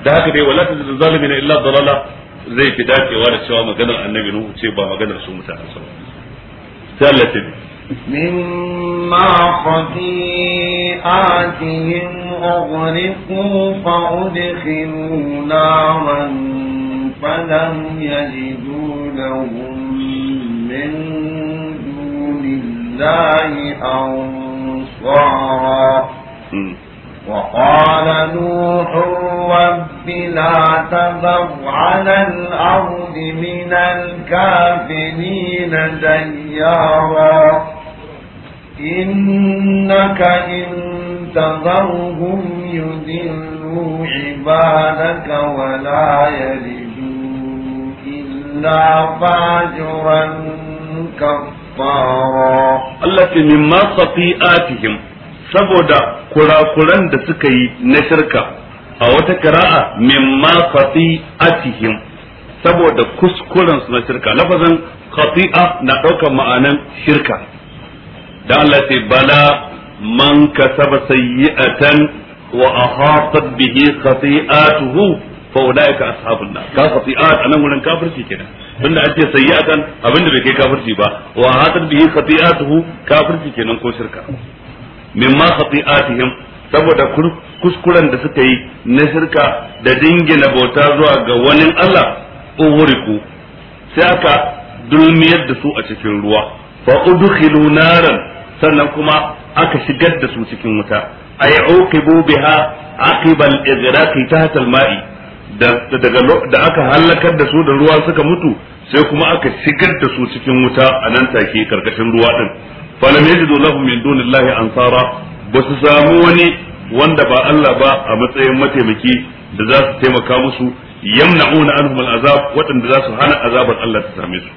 da haka dai wala tajidu zalimina illa dalala zai fi dacewa da cewa maganar annabi nuhu ce ba maganar su mutanen sa ba مما خطيئاتهم أغرقوا فأدخلوا نارا فلم يجدوا لهم من دون الله أنصارا وقال نوح رب لا تذر على الأرض من الكافرين ديارا إنك إن تذرهم يذلوا عبادك ولا يلدوا إلا فاجرا كفارا التي مما خطيئاتهم saboda kurakuran da suka yi na shirka a wata kira'a mimma atihim, saboda kuskuren su na shirka lafazin khati'a na ɗaukar ma'anan shirka da Allah sai bala man kasaba sayyi'atan wa ahatat bihi khati'atuhu fa ulaika ashabun nar ka khati'at anan wurin kafirci kenan tunda ake sayyi'atan abinda bai kai kafirci ba wa ahatat bihi khati'atuhu kafirci kenan ko shirka mimma khati'atihim saboda kuskuren da suka yi na shirka da dingina bauta zuwa ga wani Allah uhuriku sai aka dulmiyar da su a cikin ruwa fa udkhilu naran sannan kuma aka shigar da su cikin wuta ay uqibu biha aqiba al tahta al-ma'i daga da aka halakar da su da ruwa suka mutu sai kuma aka shigar da su cikin wuta a nan take karkashin ruwa din falam yajidu lahum min dunillahi ansara ba su samu wani wanda ba Allah ba a matsayin mataimaki da za su taimaka musu yamna'una anhum al-azab waɗanda za su hana azabar Allah ta same su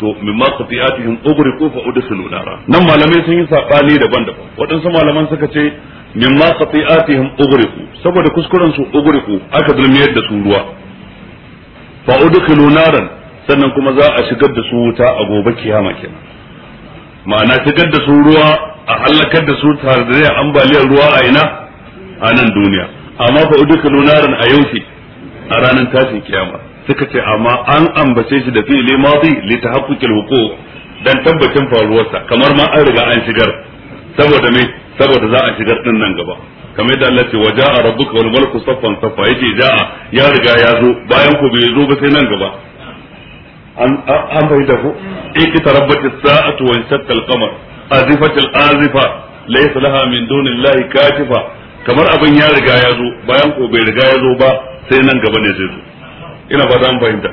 to ma qati'atihim ughriqu fa udkhilu nara nan malamai sun yi sabani daban-daban waɗansu malaman suka ce ma qati'atihim ughriqu saboda kuskuren su ughriqu aka zulmiyar da su ruwa fa udkhilu naran sannan kuma za a shigar da su wuta a gobe kiyama kenan ma'ana shigar da su ruwa a halakar da su tare da ambaliyar ruwa a ina a nan duniya amma fa udkhilu naran a yau a ranar tashin kiyama suka ce amma an ambace shi da fi'ili madi li tahaqqiqil wuqu' dan tabbacin faruwarsa kamar ma an riga an shigar saboda me saboda za a shigar din nan gaba kamar da Allah ce wa ja'a rabbuka wal malaku saffan saffa yace ja'a ya riga ya zo bayan ku bai zo ba sai nan gaba an an bai da ku ikitarabbat as-sa'atu wa shaqqa al-qamar azifat azifa laysa laha min dunillahi katifa kamar abin ya riga ya zo bayan ku bai riga ya zo ba sai nan gaba ne sai zo ina ba za mu fahimta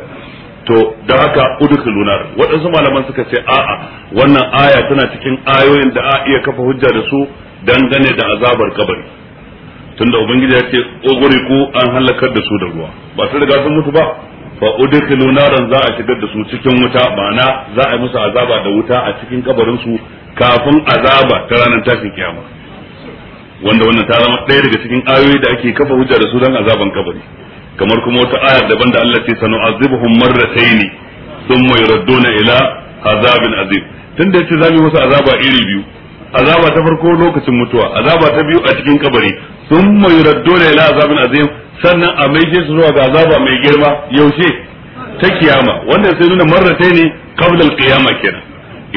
to da haka udkhuluna waɗansu malaman suka ce a'a wannan aya tana cikin ayoyin da a iya kafa hujja da su dangane da azabar kabari tunda ubangiji ya ce ku an halakar da su da ruwa ba su riga sun mutu ba fa udkhilu naran za a shigar da su cikin wuta ma'ana za a yi musu azaba da wuta a cikin kabarin su kafin azaba ta ranar tashin kiyama wanda wannan ta zama ɗaya daga cikin ayoyi da ake kafa hujja da su don azaban kabari kamar kuma wata ayar daban da Allah ce sanu'azibuhum marrataini thumma yuradduna ila azabin azim tunda yace zamu musu azaba iri biyu azaba ta farko lokacin mutuwa azaba ta biyu a cikin kabari thumma yuradduna ila azabin azim sannan a maije su zuwa ga azaba mai girma yaushe ta kiyama wannan sai nuna marrataini qabla al-qiyamah kenan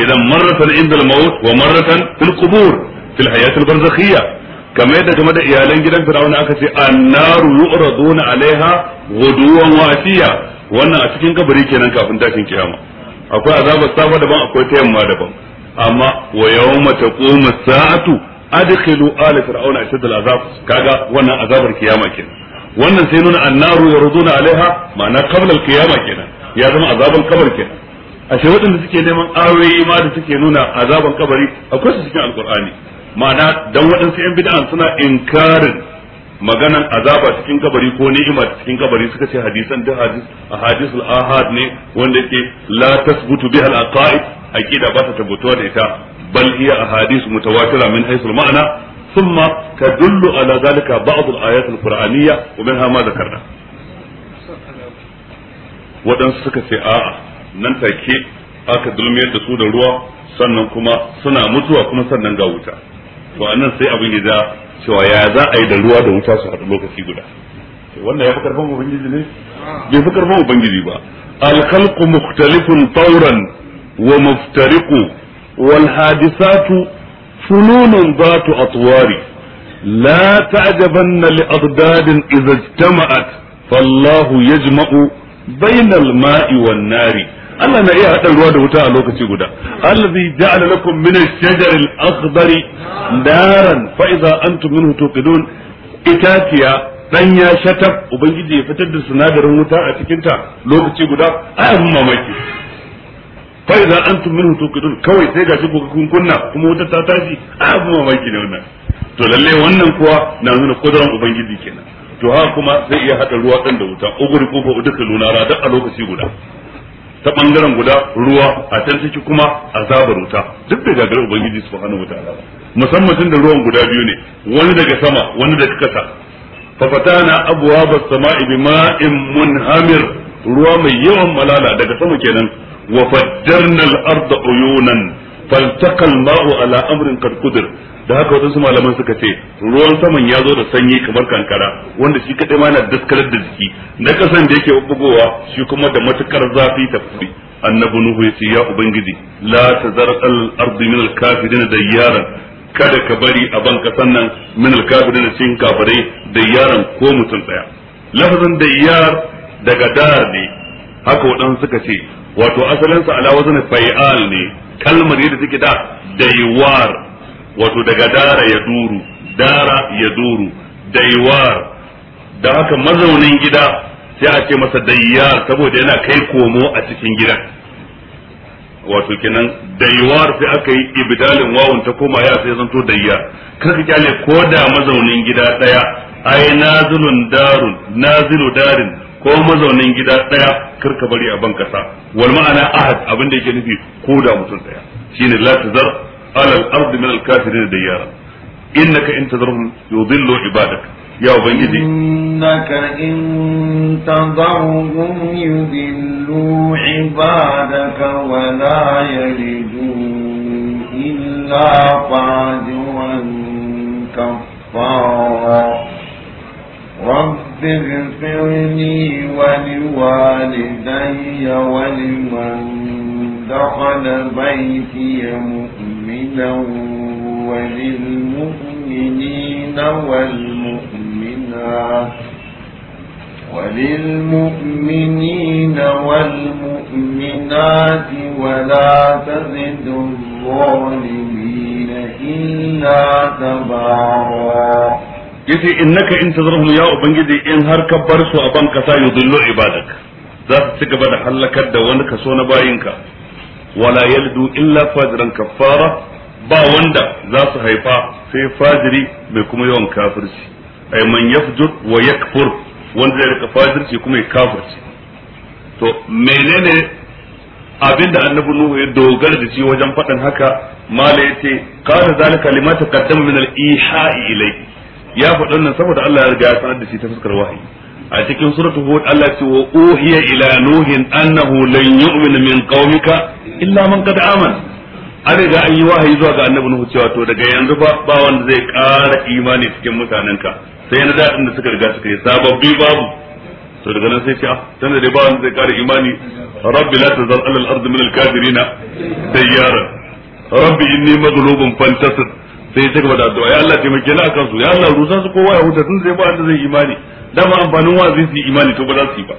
idan marratan inda al-maut wa marratan fil qubur fil hayat al-barzakhiyah kamar yadda game da iyalan gidan fir'auna aka ce annaru yu'raduna alaiha ghuduwan wa wannan a cikin kabari kenan kafin tashin kiyama akwai azabar safa daban akwai ta yamma daban amma wa yawma taqumu sa'atu adkhilu ala fir'auna ashad al'azab kaga wannan azabar kiyama kenan wannan sai nuna annaru yu'raduna alaiha ma'ana qabla al-qiyama kenan ya zama azaban kabar kenan ashe waɗanda suke neman ayoyi ma da suke nuna azaban kabari akwai su cikin alqur'ani ma'ana dan waɗansu yan bid'an suna inkarin maganan azaba cikin kabari ko ni'ima cikin kabari suka ce hadisan da hadis ahadisul ahad ne wanda ke la tasbutu biha al-aqaid aqida ba ta tabbatuwa da ita bal hiya ahadis mutawatira min haythu al-ma'na thumma tadullu ala zalika ba'd al-ayat al-qur'aniyya wa minha ma dhakarna waɗansu suka ce a'a nan take aka dulmiyar da su da ruwa sannan kuma suna mutuwa kuma sannan ga wuta to nan sai abin ya cewa ya za a yi da ruwa da wuta su haɗu lokaci guda wannan ya fi karfin ubangiji ne ah. bai fi karfin ubangiji ba Alkalku mukhtalifun tawran wa muftariku. wal hadisatu fununun zatu atwari la ta'jabanna li adadin idza ijtama'at fallahu yajma'u bainal ma'i nari Allah na iya hada ruwa da wuta a lokaci guda allazi ja'ala lakum min ash-shajari al-akhdari daran fa idza antum minhu tuqidun itatiya dan ya shatab ubangiji ya fitar da sinadarin wuta a cikin ta lokaci guda ai abun mamaki fa idza antum minhu tuqidun kawai sai ga ku kun kunna kuma wuta ta tashi ai abun mamaki ne wannan to lalle wannan kuwa na nuna kudurin ubangiji kenan to haka kuma zai iya hada ruwa dan da wuta ugurku fa udkhuluna ra da a lokaci guda ta bangaren guda ruwa a can ciki kuma azabar wuta duk da gagar ubangiji subhanahu wataala musamman tun da ruwan guda biyu ne wani daga sama wani daga kasa fa fatana abwaaba samai bima'in munhamir ruwa mai yawan malala daga sama kenan wa fajjarna al-arda uyunan فالتقى الماء على امر da haka wasu malaman suka ce ruwan saman ya zo da sanyi kamar kankara wanda shi kadai ma yana daskarar da jiki na kasan da yake bugowa shi kuma da matukar zafi ta fi annabi nuhu ya ce ya ubangiji la tazar al ardi min al kafirin dayyaran kada ka bari a ban kasan nan min al kafirin cikin kafirai dayyaran ko mutum daya lafazin dayyar daga dar ne haka waɗansu suka ce wato asalinsa ala wazn fa'al ne kalmar yadda take da daywar wato daga dara ya duru dara ya duru daiwar da haka mazaunin gida sai a ce masa dayyar saboda yana kai komo a cikin gida wato kenan daiwar sai aka yi ibdalin wawun ta koma ya sai zanto daiya kar ka kyale ko da mazaunin gida daya ai nazilun darun nazilu darin ko mazaunin gida daya kar ka bari a ban kasa wal ma'ana ahad abin da yake nufi ko da mutum daya shine la tazar على الارض من الكافرين ديارا انك ان تذرهم يضلوا عبادك يا أبيدي إنك إن تضرهم يذلوا عبادك ولا يلدوا إلا فاجرا كفارا رب اغفر لي ولوالدي ولمن دخل بيتي مو وللمؤمنين والمؤمنات وللمؤمنين والمؤمنات ولا تزد الظالمين إلا تبارا yace innaka in tazarhum ya ubangiji in har ka bar su a ban kasa yudillu ibadak za su ci gaba da halakar da wani kaso na bayinka wala yaldu illa fajran kaffara ba wanda za su haifa sai fajiri mai kuma yawan kafirci ay man yafjur wa yakfur wanda zai rika fajirci kuma ya kafirci to menene abinda annabi nuhu ya dogara da shi wajen faɗin haka mala ya ce kada zalika lima taqaddama min al-iha'i ilai. ya faɗi nan saboda Allah ya riga ya sanar da shi ta fuskar wahayi a cikin suratul hud Allah ya ce wa uhiya ila nuhin annahu lan yu'mina min qaumika illa man qad amana an riga an yi wahayi zuwa ga annabi nuhu cewa to daga yanzu ba ba wanda zai ƙara imani cikin mutanenka sai na daɗin da suka riga suka yi sababbi babu to daga nan sai ce ah tana dai ba wanda zai ƙara imani rabbi la tazal alal ardi min al kafirina dayyara rabbi inni maghlubun fantasir sai ya cigaba da addu'a ya Allah taimake ni akan su ya Allah rusa su kowa ya huta tun dai ba wanda zai imani dama amfanin wa'azi su yi imani to ba za su yi ba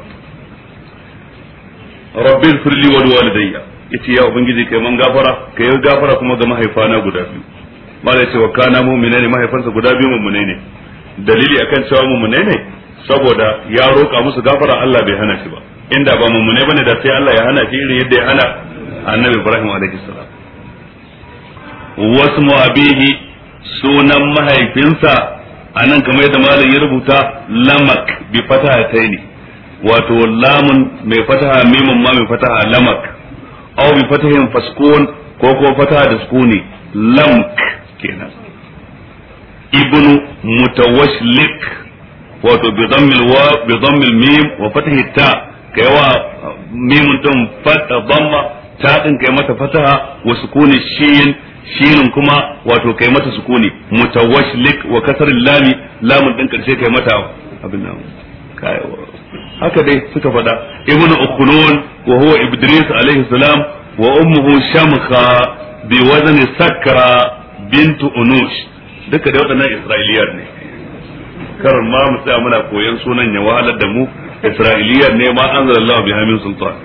rabbi firli wal walidayya yace ya ubangiji kai mun gafara kai gafara kuma ga mahaifana guda biyu malai wa kana mu'mina ne mahaifansa guda biyu mu'mina ne dalili akan cewa mu'mina ne saboda ya roƙa musu gafara Allah bai hana shi ba inda ba mu'mina bane da sai Allah ya hana shi irin yadda ya hana annabi Ibrahim alaihi salam wasu mu'abihi sunan mahaifinsa anan kamar yadda malam ya rubuta lamak bi taini wato lamun mai fataha mimun ma mai fataha lamak aw bi fatahin faskun ko ko fata da sukuni lamk kenan ibnu mutawashlik wato bi mim wa fatahi ta kai wa mimun din fata dhamma ta din kai mata fataha wa sukuni shin shinin kuma wato kai mata sukuni mutawashlik wa kasar lami lamun din karshe kai mata haka dai suka faɗa ibnu ukhnun wa huwa iblis alaihi salam wa ummuhu shamkha bi wazni sakra bintu unush duka dai waɗannan isra'iliyar ne karin ma mu tsaya muna koyan sunan ya wahalar da mu isra'iliyar ne ma an zara bi hamin sultan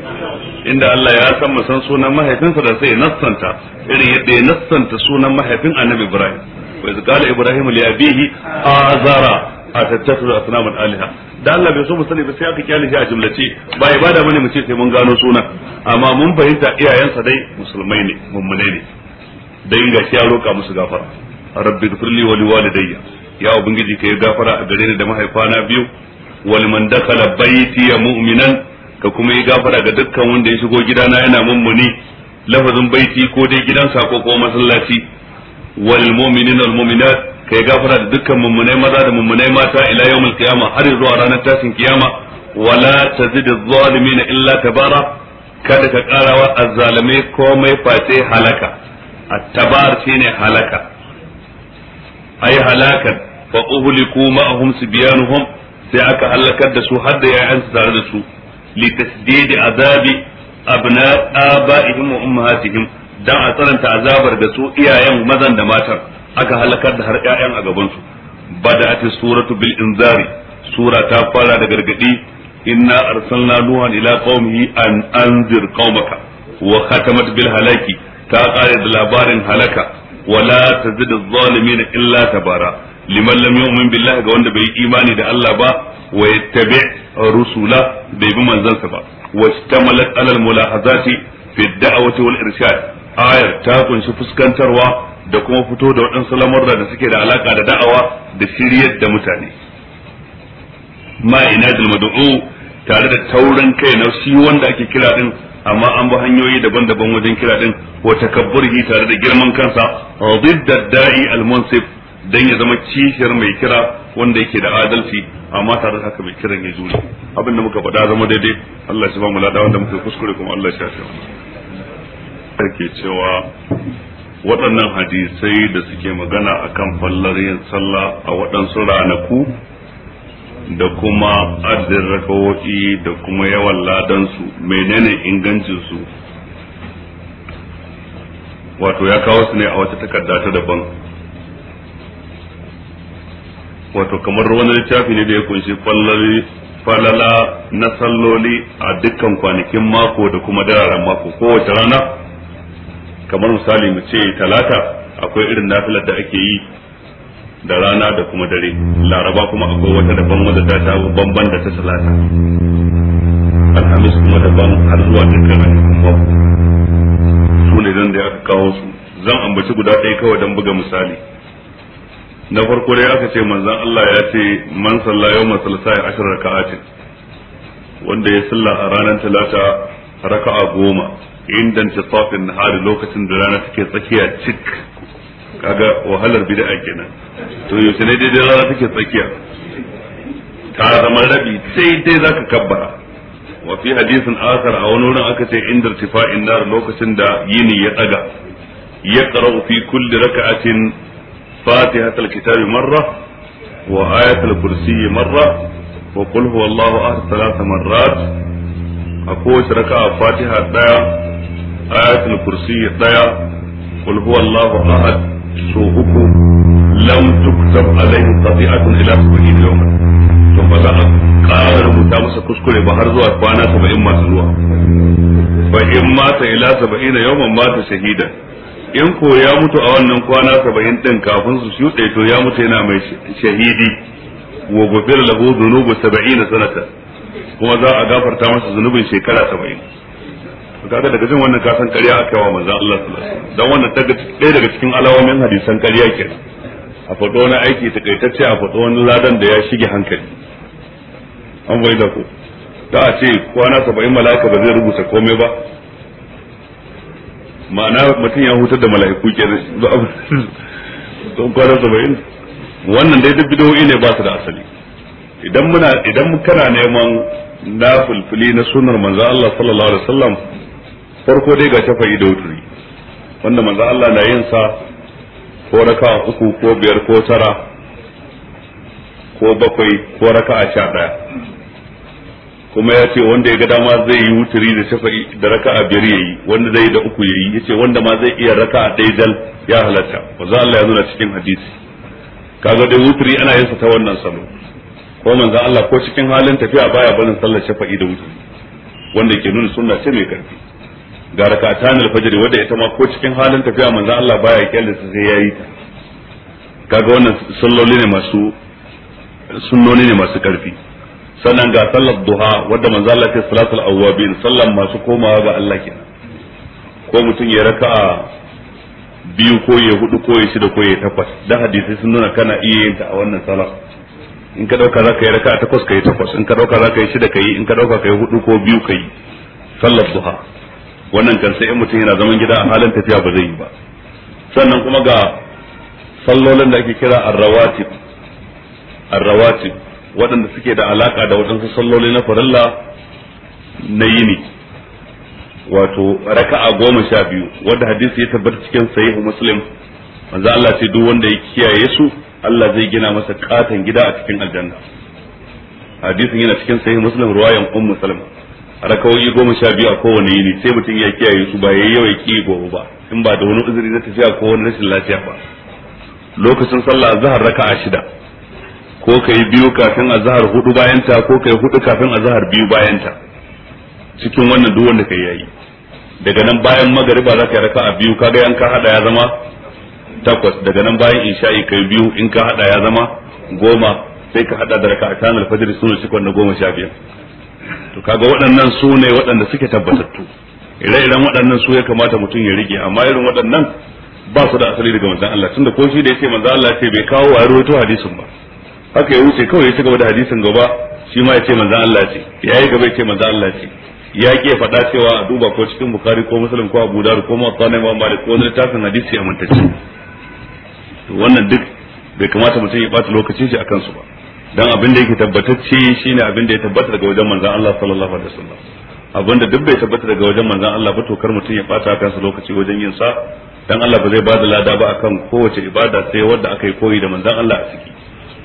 inda Allah ya san san sunan mahaifinsa da sai nassanta irin yadda ya nassanta sunan mahaifin annabi ibrahim wa iz qala ibrahim li abihi azara a asnaman Aliha da Allah bai so mu sani ba sai aka kyale shi a jumlace ba ibada bane mu ce sai mun gano sunan amma mun fahimta iyayensa dai musulmai ne mummune ne dan ga ya roka musu gafara rabbi ighfirli wa liwalidayya ya ubangiji kai gafara a gare ni da mahaifana biyu wal man dakhala baiti mu'minan ka kuma yi gafara ga dukkan wanda ya shigo gidana yana mummuni lafazin baiti ko dai gidansa ko kuma masallaci wal mu'minina wal mu'minat kai gafara da dukkan mummunai maza da mummunai mata ila yawmul qiyama har zuwa ranar tashin kiyama wala tazidu adh-dhalimin illa tabara kada ka karawa azzalimai komai face halaka at-tabar shine halaka ay halakan fa uhliku ma'ahum sibyanuhum sai aka halakar da su har da yayansu tare da su li tasdid azabi abna abaihim wa ummahatihim dan a tsananta azabar da su iyayen mazan da matar aka halakar da har ƴaƴan a gaban su bada'at suratu bil inzari sura ta fara da gargadi inna arsalna nuhan ila qaumihi an anzir qaumaka wa khatamat bil halaki ta kare da labarin halaka wala tazid da dhalimin illa tabara liman lam yu'min billahi ga wanda bai yi imani da Allah ba wa yattabi rusula bai bi manzansa ba wastamalat ala al mulahazati fi ad-da'wati wal irshad ayar ta ƙunshi fuskantarwa da kuma fito da waɗansu lamurra da suke da alaka da da'awa da shiryar da mutane ma ina madu'u tare da taurin kai na shi wanda ake kira din amma an bi hanyoyi daban-daban wajen kira din wa takabburihi tare da girman kansa da'i الداعي المنصف dan ya zama kishiyar mai kira wanda yake da adalci amma tare da haka mai kiran ya jure abin da muka faɗa zama daidai Allah ya mu muka kuskure kuma Allah ya mu cewa waɗannan hadisai da suke magana akan fallar yin sallah a waɗansu ranaku da kuma adadin rakawoki da kuma yawan ladansu menene ingancinsu wato ya kawo su ne a wata takarda ta daban wato kamar wani littafi ne da ya kunshi falala na salloli a dukkan kwanakin mako da kuma dararen mako kowace rana kamar misali mu ce talata akwai irin nafilar da ake yi da rana da kuma dare laraba kuma akwai wata daban wadda ta ta da ta salata alhamis kuma daban har zuwa dukkan kuma su ne don da aka kawo su zan ambaci guda ɗaya kawai don buga misali na farko dai aka ce manzan Allah ya ce man salla yawma salsai ashirar raka'atin wanda ya salla a ranar talata raka'a goma inda intisafin nahari lokacin da rana take tsakiya cik kaga wahalar bid'a kenan to yaushe ne daidai rana take tsakiya ta zama rabi sai dai zaka kabbara wa fi hadisin akhar a wani wurin aka ce inda ina nar lokacin da yini ya ɗaga. yaqra'u fi kulli rak'atin fatihat alkitabi marra wa ayat alkursi marra wa qul huwallahu ahad thalath marrat a kowace raka'a fatiha daya ayatul kursi daya qul huwallahu ahad su uku lam tuktab alaihi qati'atun ila sab'in yawman to ba za a ƙara rubuta masa kuskure ba har zuwa kwana saba'in masu zuwa fa in mata ila saba'ina yawman mata shahida in ko ya mutu a wannan kwana saba'in din kafin su shuɗe to ya mutu yana mai shahidi wa gufir lahu dhunubu saba'ina sanata kuma za a gafarta masa zunubin shekara saba'in kaga daga jin wannan kasan ƙarya a kaiwa manzo Allah sallallahu alaihi wasallam dan wannan ɗaya daga cikin alawomin hadisan ƙarya ke a fado wani aiki takaitacce a fado wani ladan da ya shige hankali an bai da ku da a ce kwana saba'in mala'ika ba zai rubuta komai ba ma'ana mutum ya hutar da mala'iku kenan don kwana saba'in wannan dai duk bidowi ne ba su da asali idan muna idan kana neman na fulfuli na sunar manzo Allah sallallahu alaihi wasallam farko dai ga shafa'i da wuturi wanda manzo Allah na yin sa ko raka uku ko biyar ko tara ko bakwai ko raka a sha daya kuma ya ce wanda ya ga dama zai yi wuturi da shafa'i da raka a biyar yayi wanda zai da uku yayi yace wanda ma zai iya raka a dai ya halatta manzo Allah ya nuna cikin hadisi kaga dai wuturi ana yin sa ta wannan salo ko manzo Allah ko cikin halin tafiya baya barin sallar shafa'i da wuturi wanda ke nuna sunna ce mai karfi ga rakatan al fajiri wadda ita ma ko cikin halin tafiya manzo Allah baya kyalle su sai yayi ta kaga wannan salloli ne masu sunnoni ne masu karfi sannan ga sallar duha wadda manzo Allah ya salatul awwabin sallan masu komawa ga Allah kenan ko mutum ya raka'a biyu ko ya hudu ko ya shida ko ya takwas dan hadisi sun nuna kana iya yin ta a wannan salat in ka dauka zaka yi raka'a takwas kai takwas in ka dauka zaka yi shida kai in ka dauka kai hudu ko biyu kai sallar duha wannan kan sai in mutum yana zaman gida a halin tafiya ba zai yi ba sannan kuma ga sallolin da ake kira arrawatib arrawatib waɗanda suke da alaka da waɗansu salloli na farilla na yini wato raka'a goma sha biyu wanda hadisi ya tabbata cikin sahihu muslim manzo Allah sai duk wanda ya kiyaye su Allah zai gina masa katon gida a cikin aljanna hadisin yana cikin sahihu muslim ruwayan ummu salama rakawoyi goma sha biyu a kowane yini sai mutum ya kiyaye su ba yayi yawa ki gobe ba in ba da wani uzuri na tafiya ko wani rashin lafiya ba lokacin sallah azhar a shida ko kai biyu kafin azhar hudu bayan ta ko kai hudu kafin azhar biyu bayan ta cikin wannan duk wanda kai yayi daga nan bayan magariba za ka yi a biyu kaga yan ka hada ya zama takwas daga nan bayan isha'i kai biyu in ka hada ya zama goma sai ka hada da raka'a tanal fajr sunu shi na goma sha biyar to kaga waɗannan su ne waɗanda suke tabbatattu ire-iren waɗannan su ya kamata mutum ya riƙe amma irin waɗannan ba su da asali daga manzon Allah tunda ko shi da yake manzon Allah ce bai kawo wa rawaito hadisin ba haka ya wuce kawai ya ci gaba da hadisin gaba shi ma ya ce manzon Allah ce yayi gaba ya ce manzon Allah ce ya ke faɗa cewa a duba ko cikin bukari ko muslim ko abu daru ko muwatta na imam malik ko wani littafin hadisi amintacce wannan duk bai kamata mutum ya ɓata lokacin shi akan su ba dan abin da yake tabbatacce shine abin da ya tabbata daga wajen manzon Allah sallallahu alaihi wasallam abin da duk bai tabbata daga wajen manzon Allah ba to kar mutum ya bata kansa lokaci wajen yin sa dan Allah ba zai ba da lada ba akan kowace ibada sai wadda aka yi koyi da manzon Allah a ciki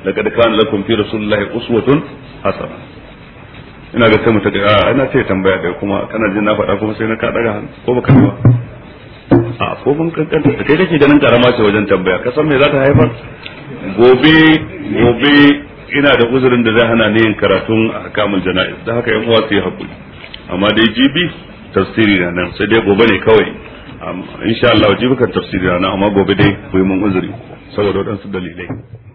laqad kana lakum fi rasulillahi uswatun hasana ina ga sai mu ta ah, ina ce tambaya da kuma kana jin na faɗa kuma sai na ka daga ko ba ba a ko mun kankanta da kai kake ganin karama ce wajen tambaya ka san me za ta haifar gobe gobe ina da uzurin da zai hana ni yin karatun kamun jana'iz da haka yan uwa su yi hakuri amma dai jibi tafsiri na nan sai dai gobe ne kawai insha Allah jibi kan tafsiri na nan amma gobe dai ku yi mun uzuri saboda waɗansu dalilai